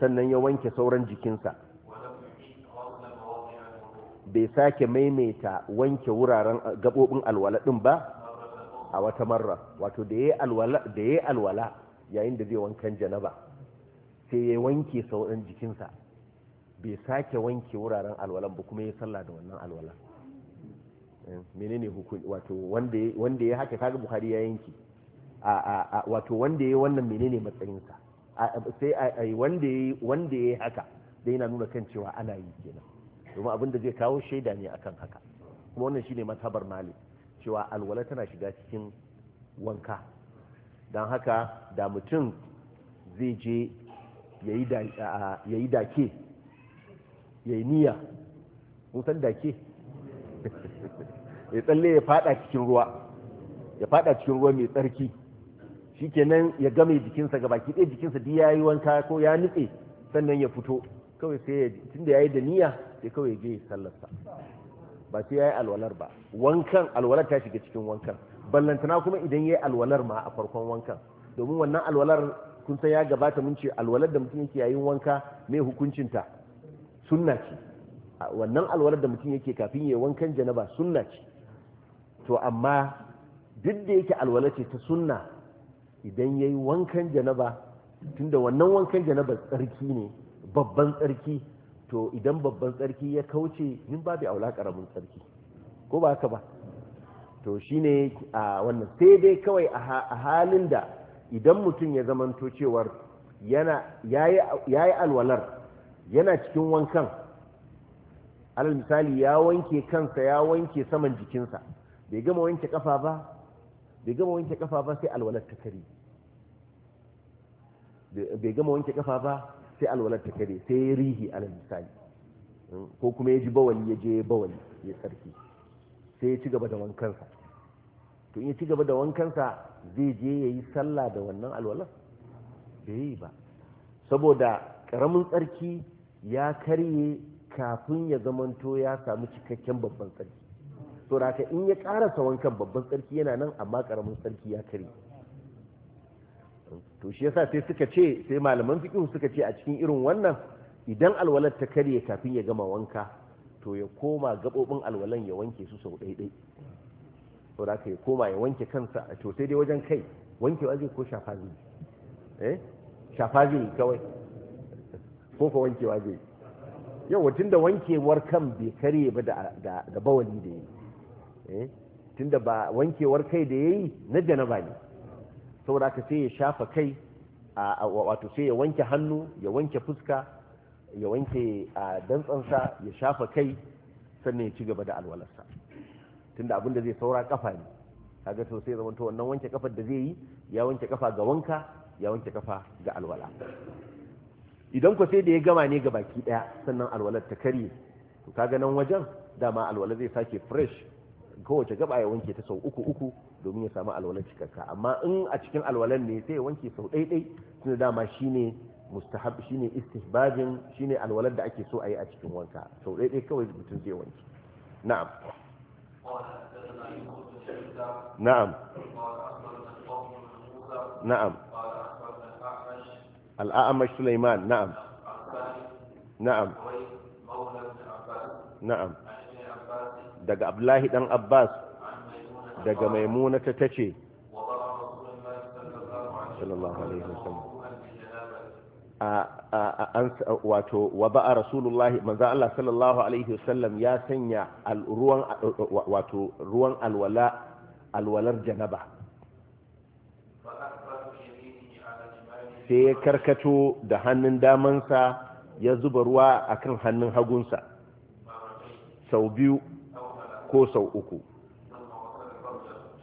sannan ya wanke sauran jikinsa bai sake maimaita wanke wuraren gabobin alwala din ba a wata marra wato da ya yi alwala da ya alwala yayin da zai wankan janaba sai ya wanke sauran jikinsa bai sake wanke wuraren alwalan ba kuma ya sallah da wannan alwalan menene hukunci wato wanda ya haka kaga bukhari ya yanki wato wanda ya wannan menene matsayinsa sai wanda ya wanda ya haka dai yana nuna kan cewa ana yi kenan domin abin da zai kawo shaida ne akan haka kuma wannan shine matabar malik cewa alwala tana shiga cikin wanka don haka da mutum zai je ya yi dake ya yi niyya mun san dake ya tsalle ya fada cikin ruwa ya fada cikin ruwa mai tsarki shikenan ya game jikinsa ga baki ɗaya jikinsa duk ya yi wanka ko ya nutse sannan ya fito kawai sai ya tunda ya yi da niyya sai kawai je sallarsa ba sai ya yi alwalar ba wankan alwalar ta shiga cikin wankan ballantana kuma idan ya yi alwalar ma a farkon wankan domin wannan alwalar kun san ya gabata mun ce alwalar da mutum yake yayin wanka mai hukuncinta sunna ce wannan alwalar da mutum yake kafin ya wankan janaba sunna ce to amma duk da yake alwala ce ta sunna idan ya yi wankan janaba tunda wannan wankan janaba tsarki ne babban tsarki to idan babban tsarki ya kauce min babu aula karamin tsarki ko ba haka ba to shi ne a wannan sai dai kawai a halin da idan mutum ya zamanto cewar yana yayi alwalar yana cikin wankan alal misali ya wanke kansa ya wanke saman jikinsa bai gama wanke kafa ba bai gama wanke kafa ba sai alwalar ta kare bai gama wanke kafa ba sai alwalar ta kare sai ya rihi alal misali hmm, ko kuma ya ji bawali ya je bawali ya tsarki sai ya ci gaba da wankansa to in ya ci gaba da wankansa zai je ya yi sallah da wannan alwalar bai yi ba saboda ƙaramin tsarki ya karye kafin ya zamanto ya samu cikakken babban tsarki to raka in ya karasa wankan babban tsarki yana nan amma karamin tsarki ya kare to shi yasa sai suka ce sai malaman fiqh suka ce a cikin irin wannan idan alwalar ta kare kafin ya gama wanka to ya koma gabobin alwalan ya wanke su sau daidai to raka ya koma ya wanke kansa to sai dai wajen kai wankewa zai ko shafa zai eh shafa zai kawai ko ka wankewa zai Yau tun da wankewar kan bai kare ba da bawali da yi eh, da ba wankewar kai da yayi na janaba ne saboda ka sai ya shafa kai a wato sai ya wanke hannu ya wanke fuska ya wanke dantsansa ya shafa kai sannan ya ci gaba da alwalarsa da abin da zai saura kafa ne kaga to sai zamanto wannan wanke kafar da zai yi ya wanke kafa ga wanka ya wanke kafa ga alwala idan ku sai da ya gama ne ga baki daya sannan alwalar ta karye to kaga nan wajen dama alwalar zai sake fresh kowace gaba ya wanke ta sau uku uku domin ya samu alwalar cikakka amma in a cikin alwalar ne sai ya wanke sau daidai tunda dama shine mustahab shine istihbabin shine alwalar da ake so a yi a cikin wanka sau daidai kawai mutum zai wanke na'am na'am na'am الأعمش سليمان na'am, na'am, na'am. Daga Abdullahi الله Abbas, daga دق ميمونة ta ce. wato wa a rasulullahi manzo Allah sallallahu alaihi wasallam ya sanya ruwan ruwan alwala alwalar janaba sai ya karkato da hannun damansa ya zuba ruwa a kan hannun hagunsa sau biyu ko sau uku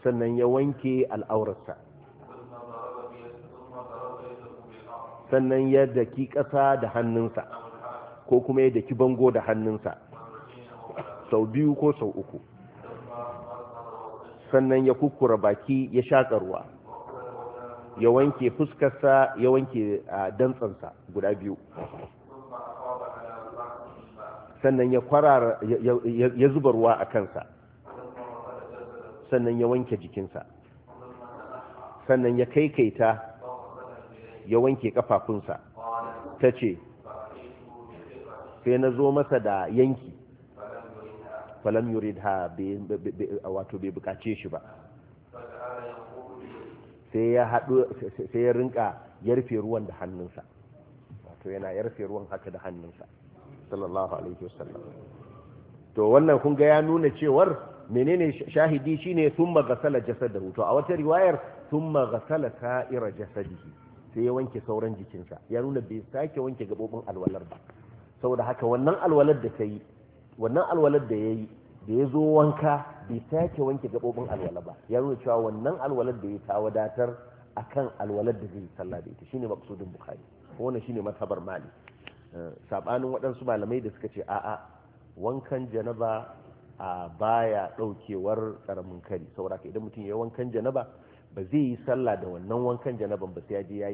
sannan ya wanke al'aurarsa sannan ya daki ƙasa da hannunsa ko kuma ya daki bango da hannunsa sau biyu ko sau uku sannan ya kukura baki ya shaƙa ruwa ya wanke fuskarsa ya wanke dantsansa guda biyu sannan ya kwarara ya zuba ruwa a kansa sannan ya wanke jikinsa sannan ya kai kaikaita ya wanke kafafunsa ta ce sai na zo masa da yanki falam yurid ha wato bai bukace shi ba sai ya haɗu sai ya rinka yarfe ruwan da hannunsa wato yana yarfe ruwan haka da hannunsa sallallahu alaihi wasallam to wannan kun ga ya nuna cewar menene shahidi shine thumma ghasala jasadahu to a wata riwayar thumma ghasala sa'ira jasadihi sai ya wanke sauran jikinsa ya nuna bai sake wanke gabobin alwalar ba saboda haka wannan alwalar da kai wannan alwalar da yayi da ya zo wanka bai sake wanke gabobin alwala ba ya nuna cewa wannan alwalar da ya ta wadatar a kan alwalar da zai sallah da ita shine maqsudin bukhari wannan shine matabar mali eh, sabanin waɗansu malamai da suka ce a'a wankan janaba a baya ɗaukewar ƙaramin kari saboda idan mutum ya wankan janaba ba zai yi sallah da wannan wankan janaban ba sai ya je ya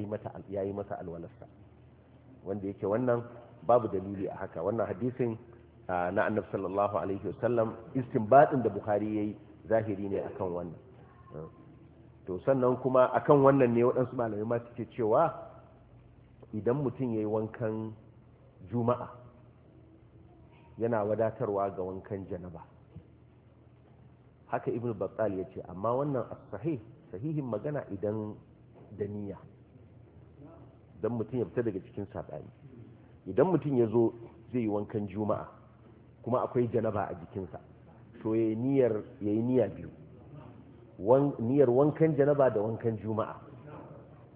yi masa alwalarsa wanda yake wannan babu dalili a haka wannan hadisin na annabi sallallahu alaihi wasallam istinbadin da bukhari yayi zahiri ne akan wannan to sannan kuma akan wannan ne waɗansu malamai ma suke cewa idan mutum yayi wankan juma'a yana wadatarwa ga wankan janaba haka ibnu battal ya ce amma wannan sahih sahihin magana idan da niyya dan mutum ya fita daga cikin saɓani idan mutum ya zo zai yi wankan juma'a kuma akwai janaba a jikinsa to ya yi niyya biyu niyyar wankan janaba da wankan juma'a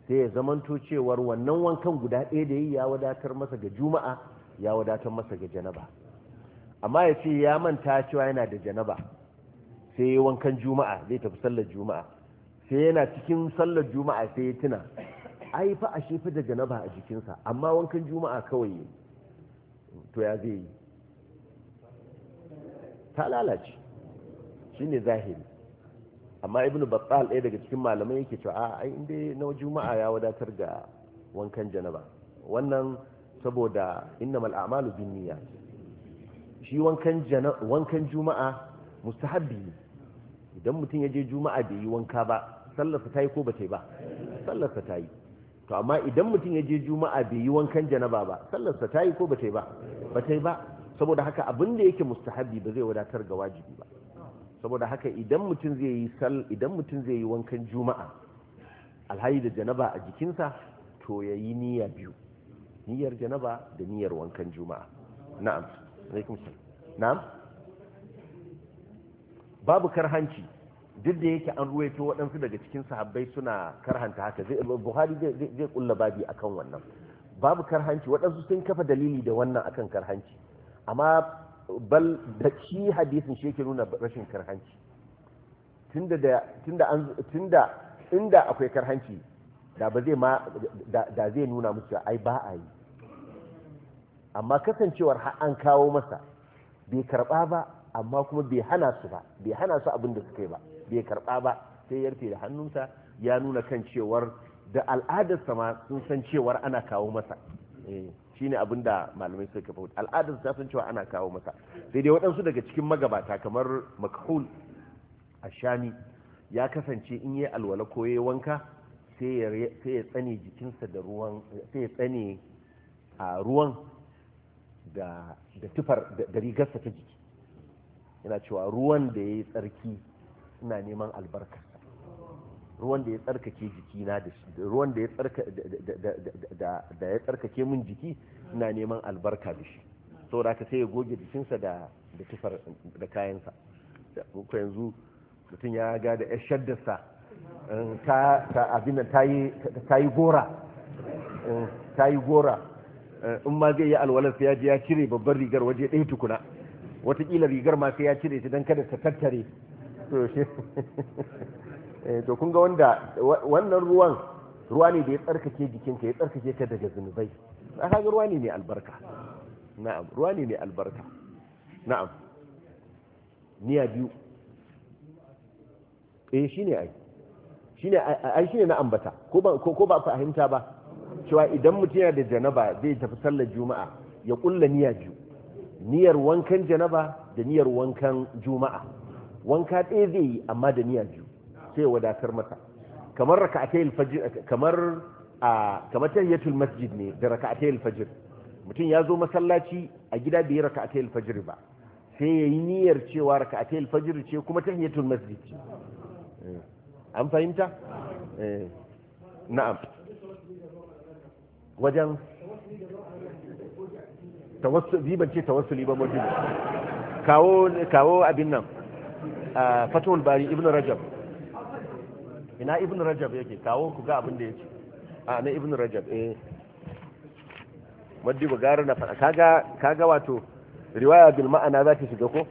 sai ya zamanto cewar wannan wankan guda ɗaya da yi ya wadatar masa ga juma'a ya wadatar masa ga janaba amma ya ce ya manta cewa yana da janaba sai ya wankan juma'a zai tafi sallar juma'a sai yana cikin sallar juma'a sai ya tuna ai fa a shefi da janaba a jikinsa amma wankan juma'a kawai to ya zai yi ta lalace shi ne zahiri amma ibnu battal ɗaya daga cikin malamai yake cewa a ai inda na juma'a ya wadatar da wankan janaba wannan saboda innamal a'malu binniyat shi wankan wankan juma'a mustahabbi ne idan mutum ya je juma'a bai yi wanka ba sallasa ta yi ko ba ta yi ba sallasa ta yi to amma idan mutum ya je juma'a bai yi wankan janaba ba sallasa ta yi ko ba ta yi ba ba ta yi ba saboda haka abin da yake mustahabi ba zai wadatar ga wajibi ba saboda haka idan mutum zai yi sal idan mutum zai yi wankan juma'a alhayi da janaba a jikinsa to ya yi niyya biyu niyyar janaba da niyyar wankan juma'a na'am alaikum na'am babu karhanci duk da yake an ruwaito waɗansu daga cikin sahabbai suna karhanta haka buhari zai kulla babi akan wannan babu karhanci waɗansu sun kafa dalili da wannan akan karhanci amma bal da shi hadisin shi yake nuna rashin karhanci tunda da tunda an tunda inda akwai karhanci da ba zai ma da zai nuna musu ai ba a yi amma kasancewar har an kawo masa bai karba ba amma kuma bai hana su ba bai hana su abin da suka yi ba bai karba ba sai yarfe da hannunsa ya nuna kan cewar da al'adarsa ma sun san cewar ana kawo masa eh shine abin da malamai suka kafa hujja al'adar ta san cewa ana kawo masa sai dai waɗansu daga cikin magabata kamar makhul ashami ya kasance in yi alwala ko yayi wanka sai ya tsane jikinsa da ruwan sai ya tsane a ruwan da tufar da rigarsa ta jiki yana cewa ruwan da ya yi tsarki ina neman albarka ruwan da ya tsarkake jikina da ruwan da ya da ya tsarkake min jiki ina neman albarka da shi saboda ka sai ya goge jikinsa da da tufar da kayansa ko yanzu mutum ya ga da yar shaddarsa ta ta abin da ta yi gora tayi gora in ma zai yi alwalar sai ya je ya cire babbar rigar waje ɗaya tukuna watakila rigar ma sai ya cire ta don kada ta tattare Eh, to kun ga wanda wannan ruwan ruwa ne da ya tsarkake jikinka ya tsarkake ka daga zunubai A kaga ruwa ne mai albarka na'am ruwa ne mai albarka na'am niya biyu eh shine ai shine ai shine na ambata ko ba ko ba fahimta ba cewa idan mutum yana da janaba zai tafi sallar juma'a ya kulla niya biyu niyar wankan janaba da niyar wankan juma'a wanka ɗaya zai yi amma da niya biyu sai ya wadatar mata kamar raka'atayil fajr kamar kamar tahiyatul masjid ne da raka'atayil fajr mutum ya zo masallaci a gida bai raka'atayil fajr ba sai ya yi niyyar cewa raka'atayil fajr ce kuma tahiyatul masjid ce eh, an fahimta eh, na'am wajen bi ban ce tawassuli ba mujibi kawo kawo abin nan ah, fatul bari ibnu rajab ina ibn rajab yake kawo ku ga abin da yake a na ibn rajab eh maddi gara na fada kaga kaga wato riwaya bil ma'ana za ta shiga ko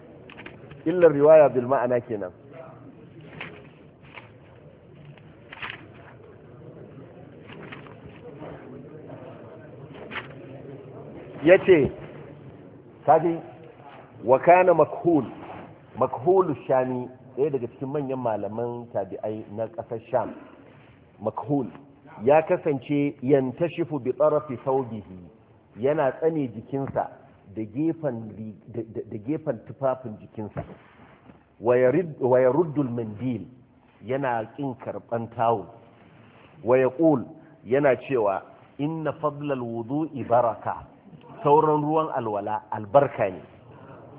illa riwaya bil ma'ana kenan yace kaji wa kana makhul makhul shani ɗaya daga cikin manyan malaman tabi'ai na ƙasar sham makhul ya kasance yantashifu bi tsarafi saubihi yana tsane jikinsa da gefen tufafin jikinsa waya ruddul mandil yana ƙin karɓan tawo waya ƙul yana cewa inna fadlal wudu, baraka sauran ruwan alwala albarka ne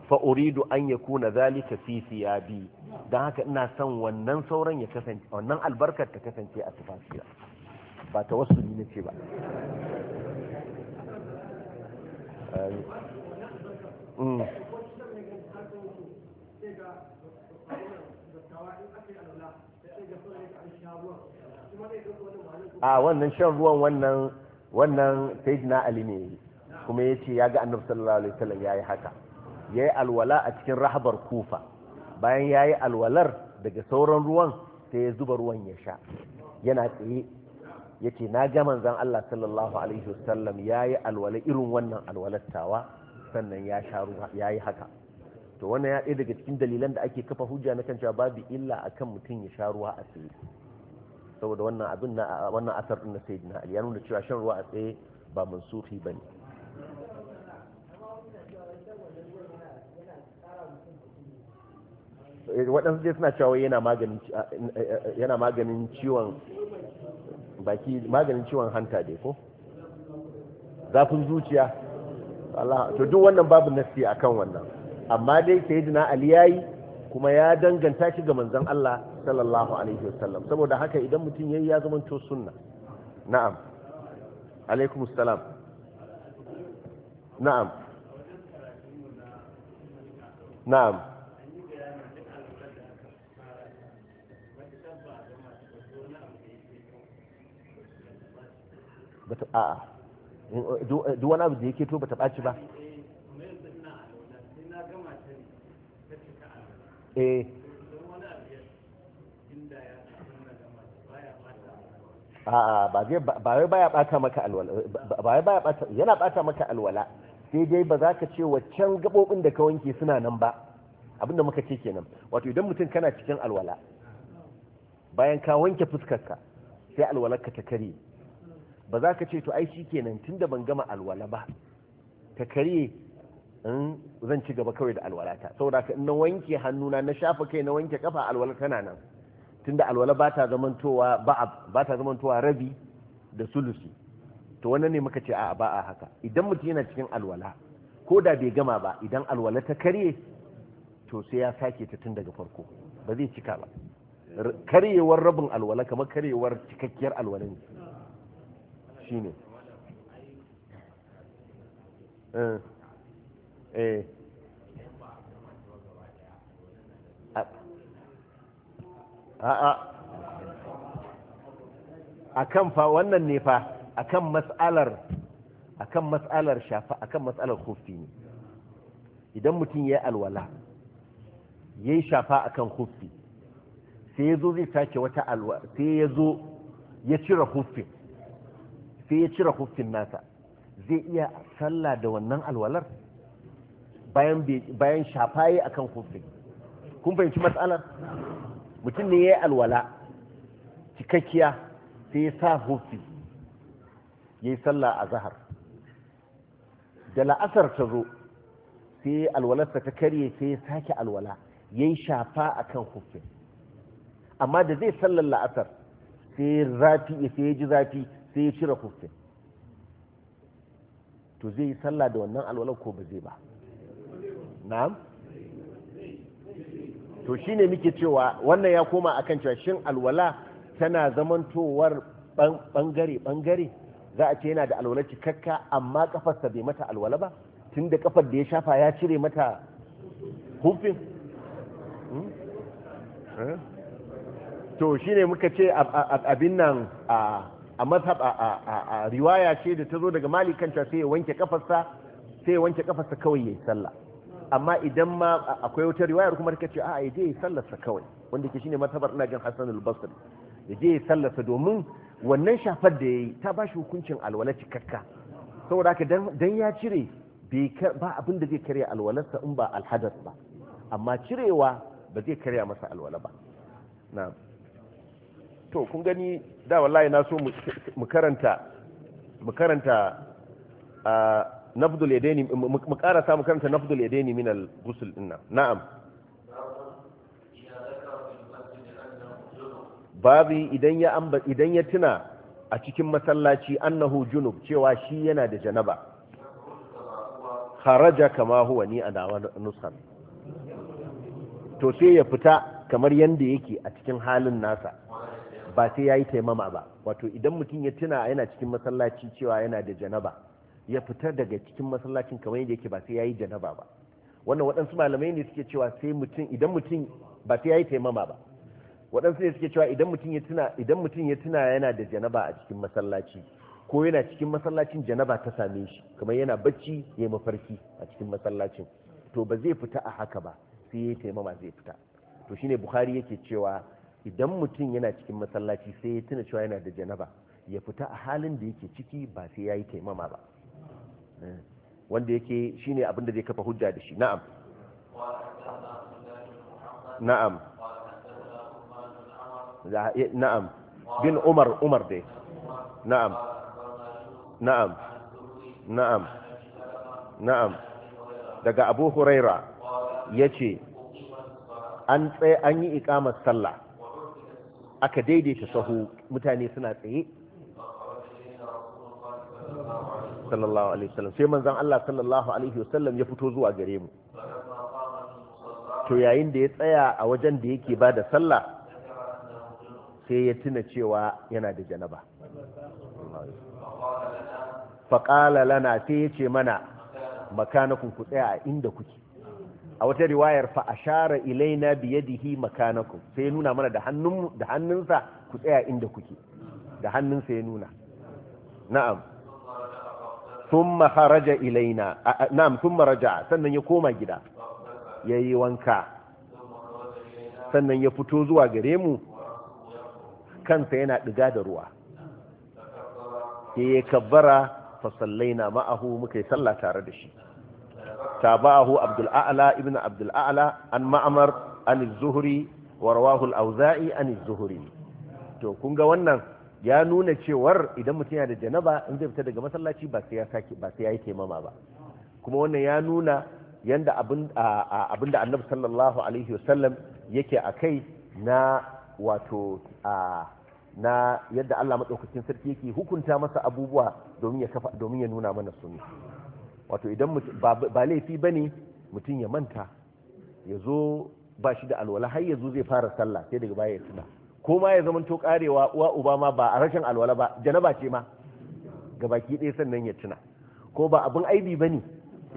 fa uridu an yakuna zalika fi thiyabi don haka ina son wannan sauran ya kasance wannan albarkar ta kasance a tufafina ba ta wasu ni nace ba mm. a wannan shan ruwan wannan wannan sayyidina ali ne kuma ya ce ya ga annabi sallallahu alaihi wasallam ya yi haka ya yi alwala a cikin rahabar kufa bayan ya yi alwalar daga sauran ruwan sai ya zuba ruwan ya sha yana tsaye ya ce na ga zan Allah sallallahu alaihi wasallam ya yi alwala irin wannan alwalattawa sannan ya sha ruwa ya yi haka to wannan ya ɗaya daga cikin dalilan da ake kafa hujja na kan cewa babu illa akan mutum ya sha ruwa a tsaye saboda wannan abin na wannan asar din na sayyidina ali ya nuna cewa shan ruwa a tsaye ba ba ne. waɗansu dai suna cewa yana maganin yana maganin ciwon baki maganin ciwon hanta dai ko zafin zuciya Allah to duk wannan babu nasi akan wannan amma dai sayyidina Ali yayi kuma ya danganta shi ga manzon Allah sallallahu alaihi wasallam saboda haka idan mutum yayi ya zama to sunna na'am alaikum salam na'am na'am bata a'a duk wani abu da yake to bata ɓaci ba eh a'a ba zai ba wai baya bata maka alwala ba wai baya bata yana bata maka alwala sai dai ba za ka ce waccan gabobin da ka wanke suna nan ba abinda muka ce kenan wato idan mutum kana cikin alwala bayan ka wanke fuskarka sai ka ta kare ba za ka ce to ai shi kenan tun da ban gama alwala ba ta karye zan ci gaba kawai da alwalata saboda ka na wanke hannuna na shafa kai na wanke kafa alwala tana nan tun da alwala ba ta zamantowa ba ta zamantowa rabi da sulusi to wannan ne muka ce a ba a haka idan mutum yana cikin alwala ko da bai gama ba idan alwala ta karye to sai ya sake ta tun daga farko ba zai cika ba karyewar rabin alwala kamar karyewar cikakkiyar alwala ne shi ne eh, eh. a kan akan fa wannan ne fa akan mas'alar kan matsalar shafa akan mas'alar kufi ne idan mutum ya yi alwala ya yi shafa akan kufi sai ya zo zai sake wata alwala sai ya zo ya cire kufin sai ya cire hufin nasa zai iya sallah da wannan alwalar bayan shafaye akan huffin kun fahimci matsalar mutum ne ya yi alwala cikakkiya sai ya sa huffi ya yi sallah a zahar da la'asar ta zo sai alwalarsa ta karye sai ya sake alwala ya yi shafa akan kan amma da zai sallar la'asar sai zafi sai ya ji zafi sai ya cire kufin to zai yi sallah da wannan alwalar ko ba zai ba na'am to shine muke cewa wannan ya koma akan cewa shin alwala tana zamantowar bangare bangare za a ce yana da alwala cikakka amma kafarsa bai mata alwala ba tun da kafar da ya shafa ya cire mata hufin hmm? eh? to shine muka ce abin nan a a mazhab a riwaya ce da ta zo daga malikanta sai ya wanke kafarsa sai ya wanke kafarsa kawai yayi sallah amma idan ma akwai wata riwayar kuma take ce a ya je ya sallarsa kawai wanda ke shine mazhabar ina jin Hassan al-Basri ya je sallarsa domin wannan shafar da yayi ta bashi hukuncin alwala cikakka saboda haka dan ya cire ba abin da zai karya alwalarsa in ba alhadas ba amma cirewa ba zai karya masa alwala ba na to kun gani da wallahi na so mu karanta mu karanta nafdul yadaini mu karasa mu karanta nafdul yadaini min al-ghusl inna na'am babi idan ya amba idan ya tuna a cikin masallaci annahu junub cewa shi yana da janaba kharaja kama huwa ni a dawa nusan to sai ya fita kamar yanda yake a cikin halin nasa ba sai ya yi taimama ba wato idan mutum ya tuna yana cikin masallaci cewa yana da janaba ya fitar daga cikin masallacin kamar yadda yake ba sai ya yi janaba ba wannan waɗansu malamai ne suke cewa sai mutum idan mutum ba sai ya yi taimama ba waɗansu ne suke cewa idan mutum ya tuna idan mutum ya tuna yana da janaba a cikin masallaci ko yana cikin masallacin janaba ta same shi kamar yana bacci ya yi mafarki a cikin masallacin to ba zai fita a haka ba sai ya yi taimama zai fita to shine bukhari yake cewa idan mutum yana cikin masallaci sai ya tuna cewa yana da janaba ya fita a halin da yake ciki ba sai ya yi taimama ba eh, wanda yake shi abin da zai kafa hujja da shi na'am na'am eh, na'am bin umar umar dai na'am na'am na'am na'am daga abu huraira ya ce an tsaye an yi ikamar sallah aka daidaita sahu mutane suna tsaye sallallahu alaihi wasallam sai manzon Allah sallallahu alaihi wasallam ya fito zuwa gare mu to yayin da ya tsaya a wajen da yake ba da sallah sai ya tuna cewa yana da janaba faƙala lana sai ya ce mana makanakun ku tsaya a inda kuke a wata riwayar fa ashara ilaina biyadihi makanakum sai ya nuna mana da hannun da hannunsa ku tsaya inda kuke da hannunsa ya nuna na'am thumma kharaja ilaina na'am thumma raja sannan ya koma gida yayi wanka sannan ya fito zuwa gare mu kansa yana diga da ruwa sai ya kabbara fa sallaina ma'ahu muka yi sallah tare da shi تابعه عبد الأعلى ابن عبد الأعلى عن معمر عن الزهري ورواه الأوزاعي عن الزهري to kun ga wannan ya nuna cewar idan mutum yana da janaba in zai fita daga masallaci ba sai ya saki ba sai ya yi taimama ba kuma wannan ya nuna yanda abin abin annabi sallallahu alaihi wasallam yake akai na wato na yadda Allah madaukakin sarki yake hukunta masa abubuwa domin ya domin ya nuna mana sunna wato idan ba laifi ba ne mutum ya manta ya zo ba shi da alwala har ya zo zai fara sallah sai daga baya ya tuna ko ma ya zama to karewa uwa uba ma ba a rashin alwala ba janaba ce ma ga baki ɗaya sannan ya tuna ko ba abin aibi ba ne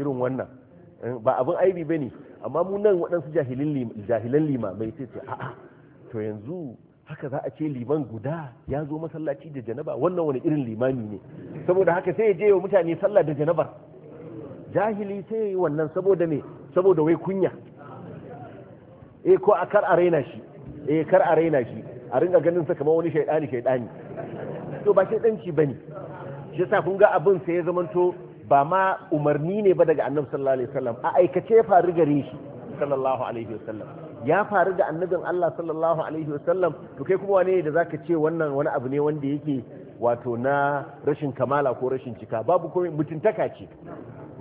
irin wannan eh, ba abin aibi ba ne amma mu nan waɗansu jahilan limamai sai ce a'a to yanzu haka za a ce liman guda ya zo masallaci da janaba wannan wani irin limami ne saboda haka sai ya je wa mutane sallah da janabar jahili sai yi wannan saboda me saboda wai kunya e ko a kar a raina shi e kar a raina shi a ringa ganin sa kamar wani shaidani shaidani to ba shaidanci ne shi sa kun ga abin sai ya zamanto ba ma umarni ne ba daga annabi sallallahu alaihi wasallam a aikace ya faru gare shi sallallahu alaihi wasallam ya faru da annabin Allah sallallahu alaihi wasallam to kai kuma wane da zaka ce wannan wani abu ne wanda yake wato na rashin kamala ko rashin cika babu komai mutuntaka ce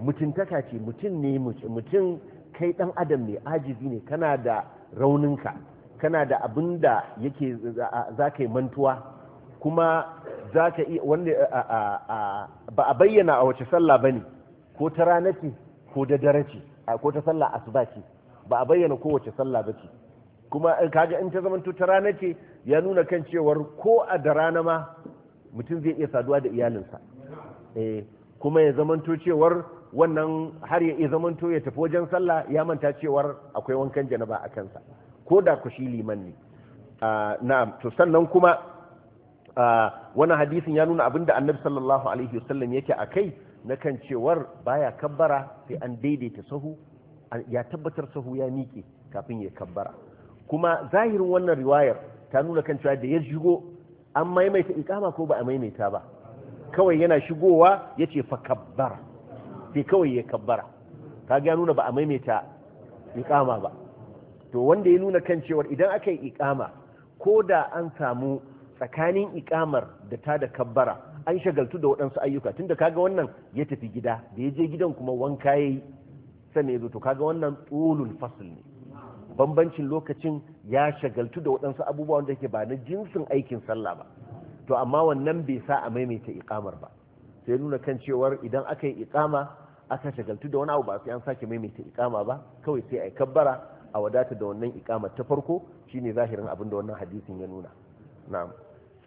mutuntaka ce mutum ne mutum kai ɗan adam ne ajizi ne kana da rauninka kana da abin da yake za ka yi mantuwa kuma za ka iya wanda ba a bayyana a wace sallah ba ne ko ta rana ce ko da dare ce ko ta sallah asuba ce ba a bayyana ko wace sallah ba ce kuma eh, kaga in ta zamanto ta rana ce ya nuna kan cewar ko a da rana ma mutum zai iya saduwa da iyalinsa eh, kuma ya zamanto cewar wannan har ya zamanto ya tafi wajen sallah ya manta cewar akwai wankan janaba a kansa ko da ku shi liman ne ah, na'am to sannan kuma ah, wani hadisin ya nuna abinda annabi sallallahu alaihi wasallam yake a kai na kan cewar baya kabbara sai an daidaita sahu ya tabbatar sahu ya miƙe kafin ya kabbara kuma zahirin wannan riwayar ta nuna kan cewa da ya shigo an maimaita ikama ko ba a maimaita ba kawai yana shigowa ya ce fa kabbara sai kawai ya kabbara ka ga nuna ba a maimaita ikama ba to wanda ya nuna kan cewar idan aka yi ikama ko da an samu tsakanin iƙamar da ta da kabbara an shagaltu da waɗansu ayyuka tun da kaga wannan ya tafi gida da ya je gidan kuma wanka yi sannan ya zo to kaga wannan tsulun fasul ne bambancin lokacin ya shagaltu da waɗansu abubuwa wanda ke ba na jinsin aikin sallah ba to amma wannan bai sa a maimaita ikamar ba sai nuna kan cewar idan aka yi ikama aka shagaltu da wani abu ba sai an sake maimaita ikama ba kawai sai a yi kabbara a wadata da wannan ikama ta farko shine zahirin abin da wannan hadisin ya nuna na'am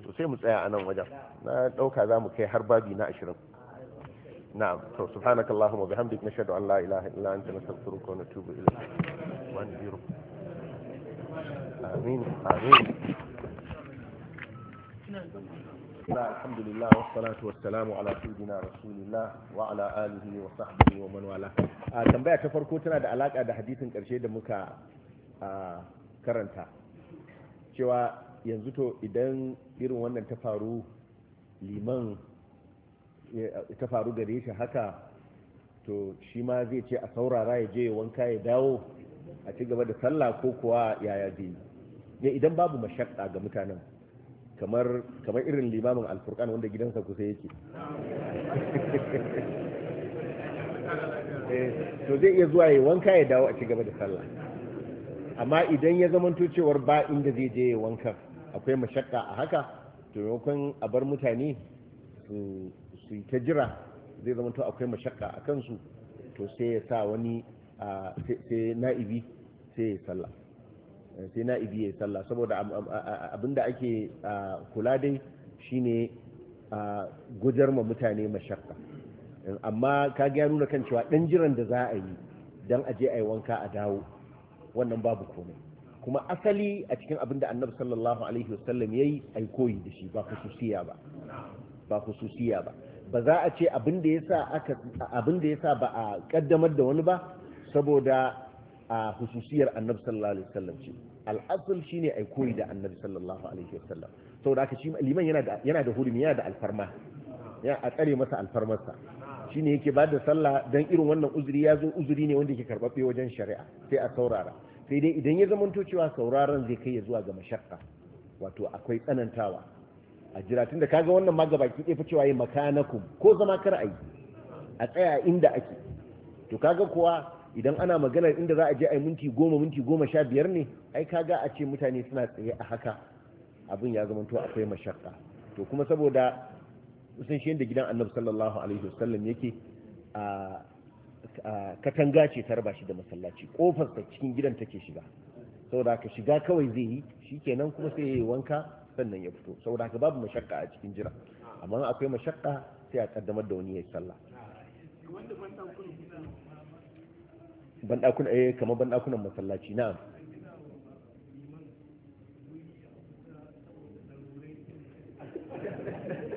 to sai mu tsaya a nan wajen na dauka za mu kai har babi na ashirin na'am to subhanakallahumma wa bihamdik nashhadu an la ilaha illa anta nastaghfiruka wa natubu ilayk wa nadiru amin amin الله الحمد لله والصلاة والسلام على سيدنا رسول الله وعلى آله وصحبه ومن والاه كم ta farko كوتنا da علاقة da حديث كرشي da مكا كرنتا cewa ينزوتو إدن idan وانا تفارو لمن تفارو قريشة حكا to shi ma zai ce a saurara ya je wanka ya dawo a ci gaba da sallah ko kuwa yaya zai idan babu mashakka ga mutanen kamar irin limamin alfurkan wanda gidansa kusa yake eh, to zai iya zuwa ya wanka ya dawo a ci gaba da sallah amma idan ya zamanto cewar ba inda zai je ya wanka akwai mashakka a haka to yankun a bar mutane su ta jira zai zamanto akwai mashakka a kansu to sai ya sa wani sai na'ibi sai ya sallah sai na ya yi sallah saboda abinda ake kula dai shine gujar ma mutane mashakka amma ka ga nuna kan cewa dan jiran da za a yi dan a je a yi wanka a dawo wannan babu komai kuma asali a cikin abin da annabi sallallahu alaihi wasallam ya yi ai koyi da shi ba khususiya ba ba khususiya ba ba za a ce abin da yasa aka ba a kaddamar da wani ba saboda a hususiyar annabi sallallahu alaihi wasallam ce al'asul shine ai koyi da annabi sallallahu alaihi wasallam saboda haka shi liman yana da yana da hurumi yana da alfarma ya a tsare masa alfarmarsa shine yake ba da sallah dan irin wannan uzuri ya zo uzuri ne wanda yake karbabbe wajen shari'a sai a saurara sai dai idan ya zamanto cewa sauraron zai kai ya zuwa ga mashakka wato akwai tsanantawa a jira tunda kaga wannan ma gabaki ɗaya fa cewa yi makanakum ko zama kar a yi a tsaya inda ake to kaga kuwa idan ana maganar inda za a je a yi minti goma minti goma sha biyar ne ai ga a ce mutane suna tsaye a haka abin ya zama to akwai mashakka to kuma saboda sun shi yadda gidan annabi sallallahu alaihi wasallam yake a katanga ce raba shi da masallaci kofar ta cikin gidan take shiga saboda haka shiga kawai zai yi shikenan kuma sai ya yi wanka sannan ya fito saboda ka babu mashakka a cikin jira amma akwai mashakka sai a kaddamar da wani ya yi sallah banɗakuna eh kamar banɗakunan masallaci na'am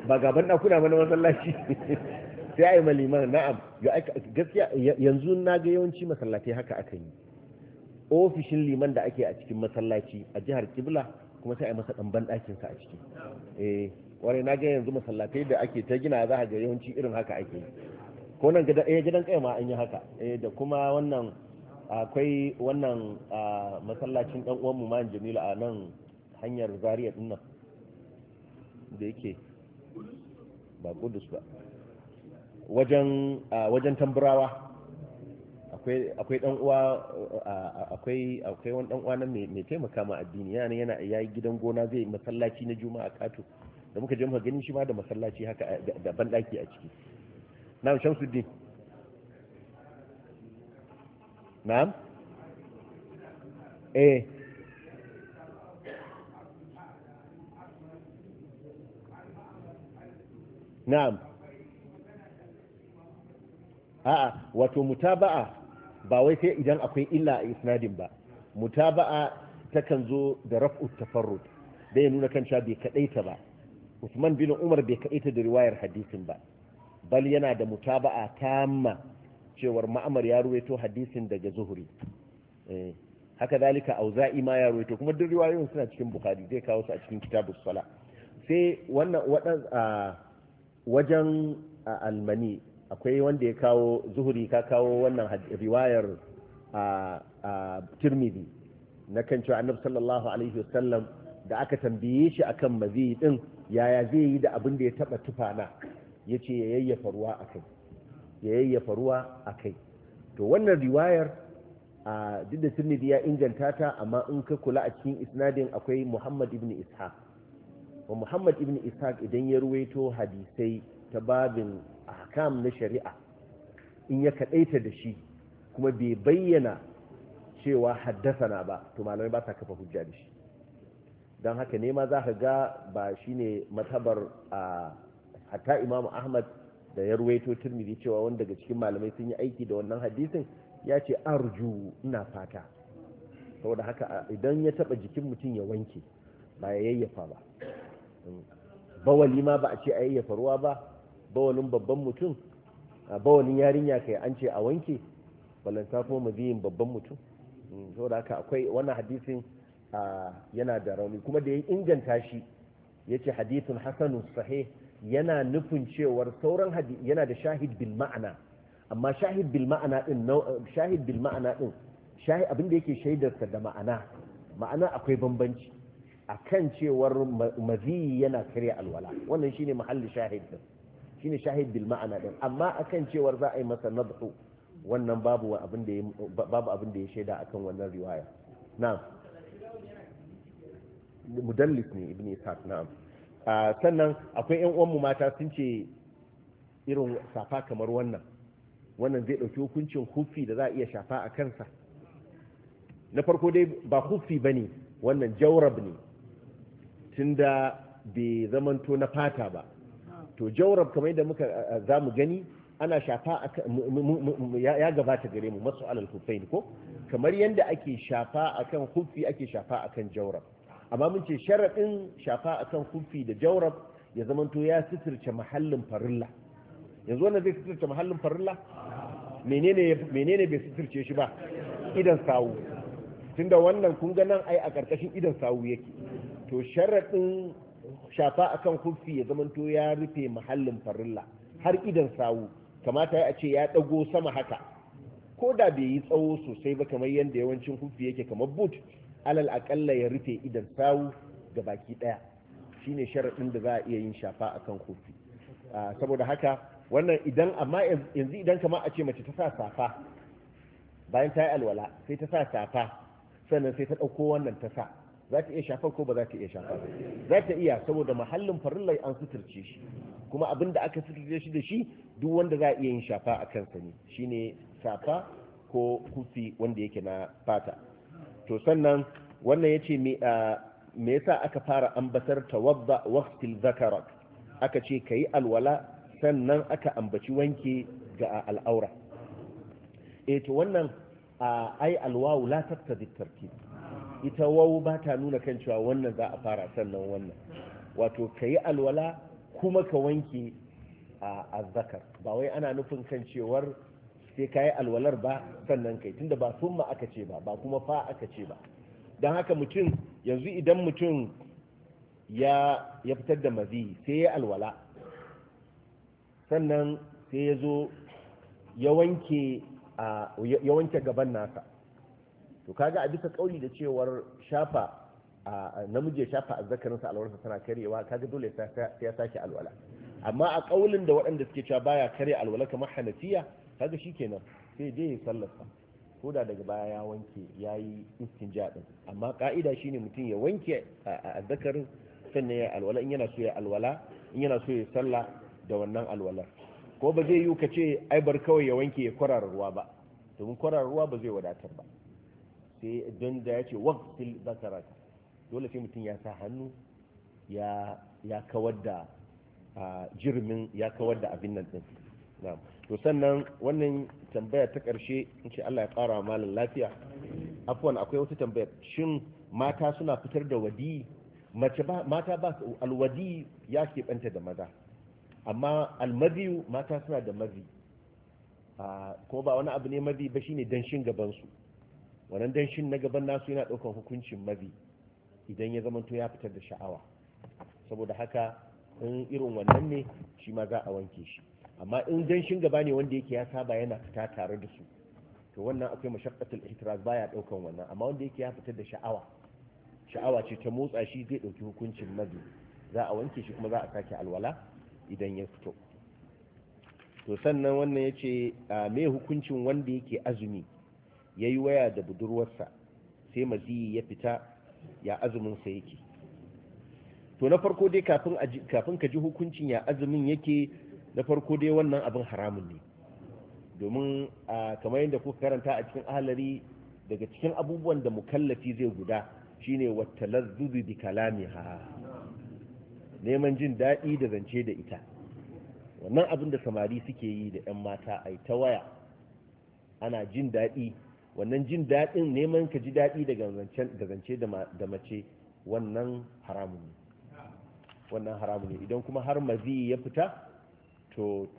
ba ga banɗakuna ba na masallaci sai ai maliman na'am ya gaskiya yanzu na ga yawanci masallatai haka aka yi ofishin liman da ake a cikin masallaci a jihar kibla kuma sai a yi masa ɗan sa a ciki eh kwarai na ga yanzu masallatai da ake ta gina za a ga yawanci irin haka ake yi ko nan gidan eh gidan kai ma an yi haka eh da kuma wannan akwai wannan masallacin dan uwan mu ma Jamilu a nan hanyar Zariya din nan da yake ba Kudus ba wajen wajen tamburawa akwai akwai uwa akwai akwai wani dan uwa nan mai taimaka ma addini yana yana yayi gidan gona zai masallaci na juma'a kato da muka je muka gani shi ma da masallaci haka da ban daki a ciki na'am shamsuddin na'am eh wato mutaba'a ba wai sai idan akwai illa a isnadin ba mutaba'a takan zo da raf'ut tafarrud da ya nuna kan cewa bai kadaita ba Usman bin Umar bai kadaita da riwayar hadisin ba bal yana da mutaba'a tamma cewar ma'amar ya ruwaito hadisin daga zuhuri eh, haka dalika auza'i ma ya ruwaito kuma duk riwayoyin suna cikin bukhari zai kawo su a cikin kitabus sala sai wannan wadan wajen almani akwai wanda ya kawo zuhuri ka kawo wannan riwayar a tirmidhi na kan cewa annabi sallallahu alaihi wasallam da aka tambaye shi akan mazi din yaya zai yi da abin da ya taba tufana ya ce ya yayyafa ruwa a ya yayyafa ruwa akai to wannan riwayar a duk da tirmidhi ya inganta ta amma in ka kula a cikin isnadin akwai muhammad ibn ishaq wa muhammad ibn ishaq idan ya ruwaito hadisai ta babin ahkam na shari'a in ya kadaita da shi kuma bai bayyana cewa haddasa na ba to malamai ba sa kafa hujja da shi don haka ne ma za ka ga ba shine matabar a hatta imam ahmad da ya ruwaito turmidi cewa wanda daga cikin malamai sun yi aiki da wannan hadisin ya ce arju ina fata saboda haka idan ya taba jikin mutum ya wanke ba ya yayyafa ba mm. bawali ma ba a ce a yayyafa ruwa ba bawalin babban mutum bawalin yarinya kai an ce a wanke balanta kuma maziyin babban mutum mm, saboda haka akwai wannan hadisin yana da rauni kuma da ya inganta shi yace ce hadithun hasanun sahih yana nufin cewar sauran hadisi yana da shahid bil ma'ana amma shahid bil ma'ana din shahid bil ma'ana din shahid abin da yake shaidarsa da ma'ana ma'ana akwai bambanci akan cewar maziyi yana karya alwala wannan shine mahalli shahid din shine shahid bil ma'ana din amma akan cewar za a yi masa nadhu wannan babu abin da babu abin da ya shaida akan wannan riwaya na'am mudallis ne ibn ishaq na'am sannan akwai yan uwanmu mata sun ce irin safa kamar wannan wannan zai ɗauki hukuncin hufi da za a iya shafa a kansa na farko dai ba hufi ba ne wannan jaurab ne tun da bai zamanto na fata ba to jaurab kamar yadda muka za mu gani ana shafa ya gabata gare mu masu alal hufai ko kamar yadda ake shafa a kan hufi ake shafa a kan jaurab amma mun ce sharaɗin shafa akan kufi da jawrab ya zamanto ya suturce mahallin farilla yanzu wannan zai suturce mahallin farilla menene bai suturce shi ba idan sawu tunda wannan kun ga nan ai a ƙarƙashin idan sawu yake to sharaɗin shafa akan kufi ya zamanto ya rufe mahallin farilla har idan sawu kamata a ce ya ɗago sama haka ko da bai yi tsawo sosai ba kamar yadda yawancin kufi yake kamar boot alal aƙalla ya rufe idan sawu ga baki ɗaya shine sharaɗin da za a iya yin shafa akan kofi saboda haka wannan idan amma yanzu idan kamar a ce mace ta sa safa bayan ta yi alwala sai ta sa safa sannan sai ta ɗauko wannan ta sa za ta iya shafar ko ba za ta iya shafa za ta iya saboda mahallin farillai an suturce shi kuma abin da aka suturce shi da shi duk wanda za a iya yin shafa a kansa ne shine safa ko kufi wanda yake na fata to sannan wannan ya ce me yasa aka fara ambatar tawadda waqtil zakara aka ce kayi alwala sannan aka ambaci wanke ga al'aura eh to wannan ai alwawu la taqtadi tartib ita wawu ba ta nuna kan cewa wannan za a fara sannan wannan wato kayi alwala kuma ka wanke a zakar ba wai ana nufin kan cewar sai ka yi alwalar ba sannan kai tunda ba summa aka ce ba ba kuma fa aka ce ba don haka mutum yanzu idan mutum ya fitar da mazi sai ya alwala sannan sai ya zo ya wanke gaban nasa to kaga a bisa kauli da cewar shafa namiji ya shafa azzakarinsa alwarsa tana karyewa kaga dole ya sake alwala amma a kaulin da waɗanda suke cewa baya karya alwala kamar hanafiya kaga kenan sai dai ya sallarsa ko da daga baya ya wanke ya yi istinja din amma ka'ida shine mutum ya wanke a azzakarin sannan ya alwala in yana so ya alwala in yana so ya sallah da wannan alwalar ko ba zai yi ka ce ai bar kawai ya wanke ya kwarara ruwa ba domin kwarara ruwa ba zai wadatar ba sai don da ya ce waqtil zakaraka dole sai mutum ya sa hannu ya kawar da jirmin ya kawar da abin nan din na'am to sannan wannan tambaya ta ƙarshe in ce Allah ya ƙara wa malam lafiya afwan akwai wata tambaya shin mata suna fitar da wadi mace ba mata ba alwadi ya keɓanta da maza amma almaziyu mata suna da mazi ko ba wani abu ne mazi ba shine danshin gabansu wannan danshin na gaban nasu yana ɗaukar hukuncin mazi idan ya zamanto ya fitar da sha'awa saboda haka in irin wannan ne shi ma za a wanke shi amma in ganshin gaba ne wanda yake ya saba yana fita tare da su to wannan akwai mashaqqatul ihtiraz baya daukan wannan amma wanda yake ya fita da sha'awa sha'awa ce ta motsa shi zai dauki hukuncin mazi za a wanke shi kuma za a sake alwala idan ya fito to sannan wannan yace me hukuncin wanda yake azumi yayi waya da budurwarsa sai mazi ya fita ya azumin sa yake to na farko dai kafin kafin ka ji hukuncin ya azumin yake na farko dai wannan abin haramun ne domin kamar yadda kuka karanta a cikin ahalari daga cikin abubuwan da mukallafi zai guda shine wattalar zubi bi ha, neman jin daɗi da zance da ita wannan abin da samari suke yi da 'yan mata a ta waya ana jin daɗi wannan jin daɗin neman ka ji daɗi da zance da mace ne wannan haramun ne idan kuma har mazi ya fita to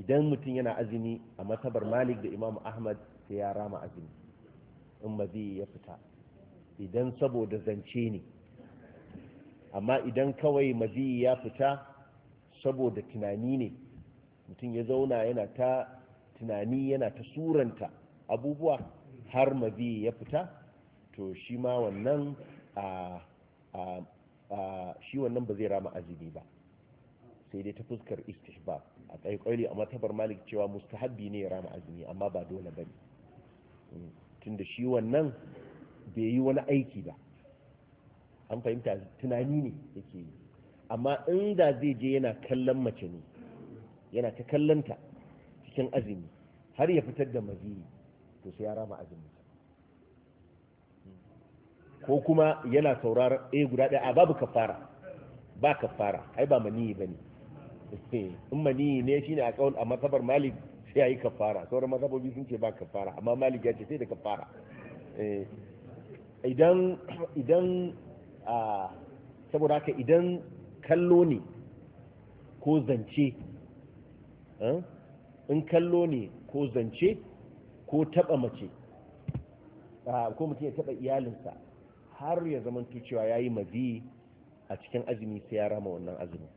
idan mutum yana azumi a matabar malik da imam ahmad sai ya rama azumi in zai ya fita idan saboda zance ne amma idan kawai mazi ya fita saboda tunani ne mutum ya zauna yana ta tunani yana ta suranta abubuwa har mazi ya fita to shi ma wannan a shi wannan ba zai rama azumi ba sai dai ta fuskar istishba a tsaye a matabar malik cewa mustahabbi ne ya rama azumi amma ba dole ba ne mm. tunda shi wannan bai yi wani aiki ba an fahimta tunani ne yake yi amma inda zai je yana kallon mace ne yana ta kallonta cikin azumi har ya fitar da maziri to sai ya rama azumi mm. ko kuma yana saurar a guda ɗaya a babu kafara ba kafara ai ba maniyi ba ne in mani ne shine a kaun a masabar malik sai yayi kafara sauran masabobi sun ce ba kafara amma malik ya ce sai da kafara eh, idan idan a saboda haka idan kallo ne ko zance eh, in kallo ne ko zance ko taba mace ko mutum ya taba iyalinsa har ya zamanto cewa yayi mazi a cikin azumi sai ya rama wannan azumin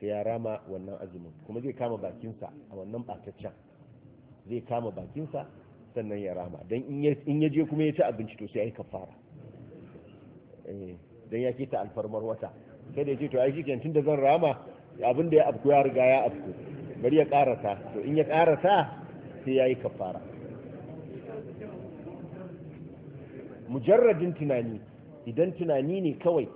sai ya rama wannan azumin kuma zai kama bakinsa a wannan bataccen zai kama bakinsa sannan ya rama don in ya je kuma ya ci abinci to sai ya yi kafara eh, don ya ta alfarmar wata sai da ya ce to ai shiken tun da zan rama abin da ya afku ya riga ya afku bari ya karata to in ya karata sai ya yi kafara mujarradin tunani idan tunani ne kawai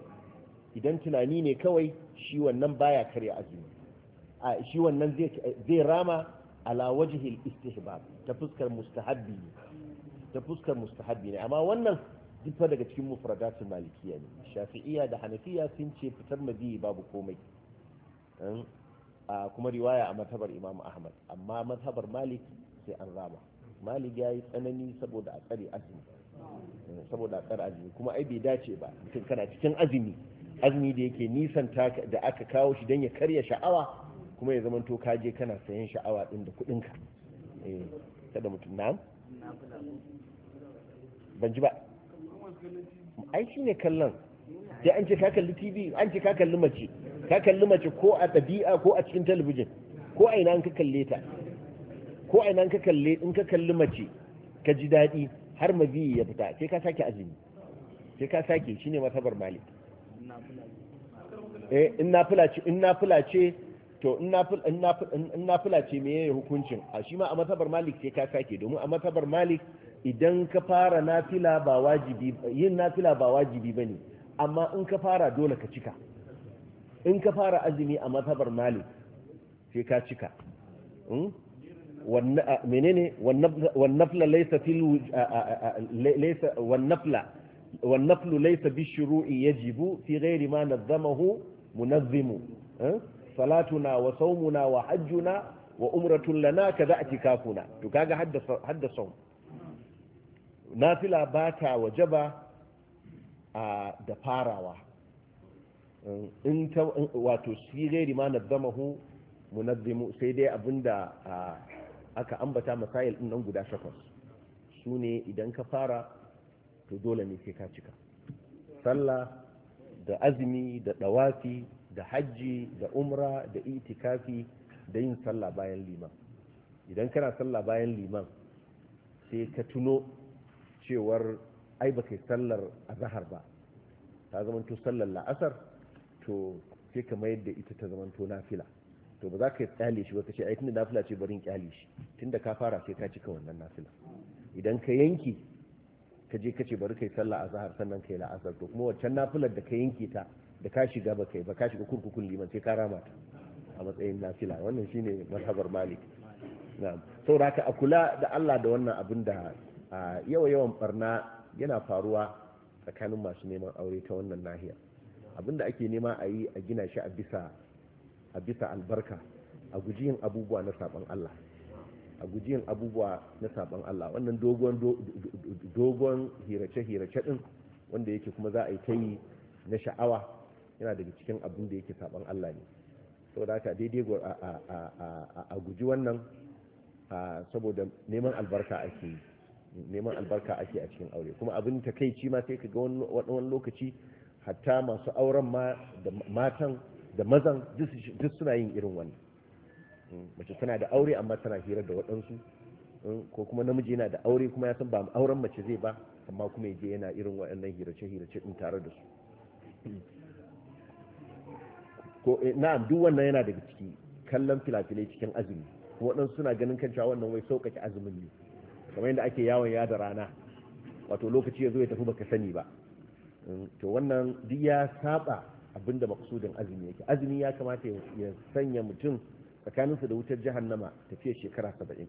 idan tunani ne kawai shi wannan baya karya azumi a shi wannan zai rama ala wajhil istihbab ta fuskar mustahabbi ne ta fuskar mustahabbi ne amma wannan duk daga cikin mufradatul malikiya ne shafi'iyya da hanafiya sun ce fitar madiyi babu komai kuma riwaya a matabar imam ahmad amma matabar malik sai an rama malik ya yi tsanani saboda a tsare azumi saboda a tsare azumi kuma ai bai dace ba mutum kana cikin azumi azumi da yake nisan da aka kawo shi don ya karya sha'awa kuma ya zamanto ka je kana sayan sha'awa din da kuɗinka eh kada mutum na ban ji ba ai shi ne kallon sai an ce ka kalli tv an ce ka kalli mace ka kalli mace ko a ɗabi'a ko a cikin talabijin ko a ina ka kalle ta ko a ina ka kalle in ka kalli mace ka ji daɗi har mabiyi ya fita sai ka sake azumi sai ka sake shine bar malik eh in ce in nafila ce to in nafila ce me yayin hukuncin a shi ma a matabar malik sai ka sake domin a matabar malik idan ka fara nafila ba wajibi yin nafila ba wajibi bane amma in ka fara dole ka cika in ka fara azumi a matabar malik sai ka cika hmm? menene nafla laysa fil laysa nafla والنفل ليس بالشروع يجب في غير ما نظمه منظم صلاتنا وصومنا وحجنا a لنا كذا اعتكافنا تكاغا حد صوم nafila ba ta wajaba a da farawa in ta wato sirri ma nazzamahu munazzimu sai dai abinda aka ambata masail din nan guda takwas su ne idan ka fara to dole ne sai ka cika sallah da azumi da dawafi da hajji da umra da itikafi da yin sallah bayan liman idan kana sallah bayan liman sai ka tuno cewar ai ba kai sallar azahar ba ta zamanto sallar la'asar to sai ka mayar da ita ta zamanto nafila to ba za ka tsale shi ba ka ce ai tunda nafila ce barin kyale shi tunda ka fara sai ka cika wannan nafila idan ka yanki ka je ka ce bari kai sallah a zahar sannan kai la'asar to kuma waccan nafilar da ka yanke ta da ka shiga ba kai ba ka shiga kurkukun liman sai ka rama ta a matsayin nafila wannan shine mazhabar malik na'am saboda a kula da Allah da wannan abin da yawa yawan barna yana faruwa tsakanin masu neman aure ta wannan nahiya abin da ake nema a yi a gina shi a bisa a bisa albarka a guji yin abubuwa na saban Allah a guji yin abubuwa na saban Allah wannan dogon dogon hirace hirace din wanda yake kuma za a yi ta yi na sha'awa yana daga cikin abin da yake saban Allah ne saboda haka daidai a guji wannan saboda neman albarka ake neman albarka ake a cikin aure kuma abin ci ma sai ka ga wani lokaci hatta masu auren da matan da mazan duk suna yin irin wani Mm, mace tana da aure amma tana hira da waɗansu mm, ko kuma namiji yana da aure kuma ya san ba auren mace zai ba amma kuma ya je yana irin waɗannan hirace-hirace din tare da su ko eh, na'am duk wannan yana daga ciki kallon filafilai cikin azumi waɗansu suna ganin kan cewa wannan wai sauƙaƙe azumin ne kamar yadda ake yawon ya da rana wato lokaci ya zo ya tafi baka sani ba mm, to wannan duk ya saba abinda maksudin azumi yake azumi ya kamata ya sanya mutum tsakaninsu da wutar jahannama tafiya shekara saba'in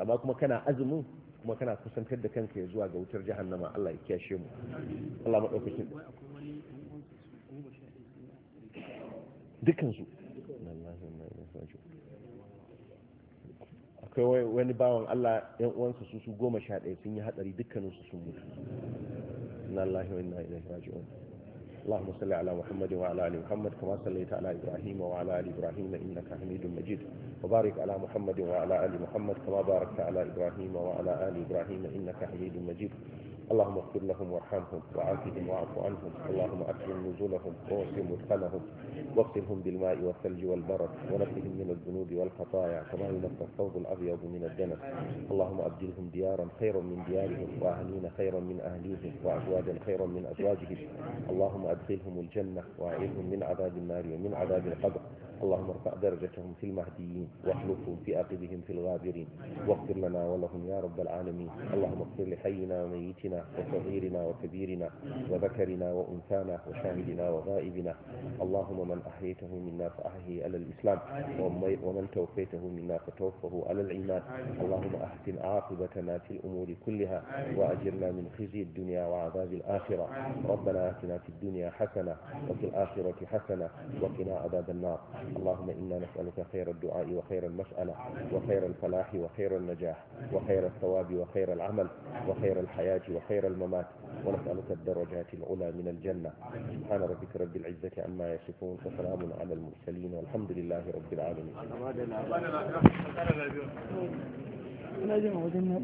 amma kuma kana azumin kuma kana kusantar da kanka ya zuwa ga wutar jahannama Allah ya kiyashe mu Allah maɗaukakin dukansu akwai wani bawan Allah yan uwansa su su goma sha ɗaya sun yi hatsari dukkaninsu sun mutu na Allah ya wani na ilaihi raji'un اللهم صل على محمد وعلى ال محمد كما صليت على ابراهيم وعلى ال ابراهيم انك حميد مجيد وبارك على محمد وعلى ال محمد كما باركت على ابراهيم وعلى ال ابراهيم انك حميد مجيد اللهم اغفر لهم وارحمهم وعافهم واعف عنهم اللهم اكرم نزلهم ووسع مدخلهم واغسلهم بالماء والثلج والبرد ونقهم من الذنوب والخطايا كما ينقى الثوب الابيض من الدنس اللهم ابدلهم ديارا خيرا من ديارهم واهلين خيرا من اهليهم وازواجا خيرا من ازواجهم اللهم ادخلهم الجنه واعذهم من عذاب النار ومن عذاب القبر اللهم ارفع درجتهم في المهديين واخلفهم في اقبهم في الغابرين واغفر لنا ولهم يا رب العالمين اللهم اغفر لحينا وميتنا وصغيرنا وكبيرنا وذكرنا وأنثانا وشاهدنا وغائبنا اللهم من أحييته منا فأحيه على الإسلام ومن توفيته منا فتوفه على العماد اللهم أحسن عاقبتنا في الأمور كلها وأجرنا من خزي الدنيا وعذاب الآخرة ربنا آتنا في الدنيا حسنة وفي الآخرة حسنة وقنا عذاب النار اللهم إنا نسألك خير الدعاء وخير المسألة وخير الفلاح وخير النجاح وخير الثواب وخير العمل وخير الحياة وخير خير الممات ونسألك الدرجات العلى من الجنة سبحان ربك رب العزة عما يصفون وسلام على المرسلين والحمد لله رب العالمين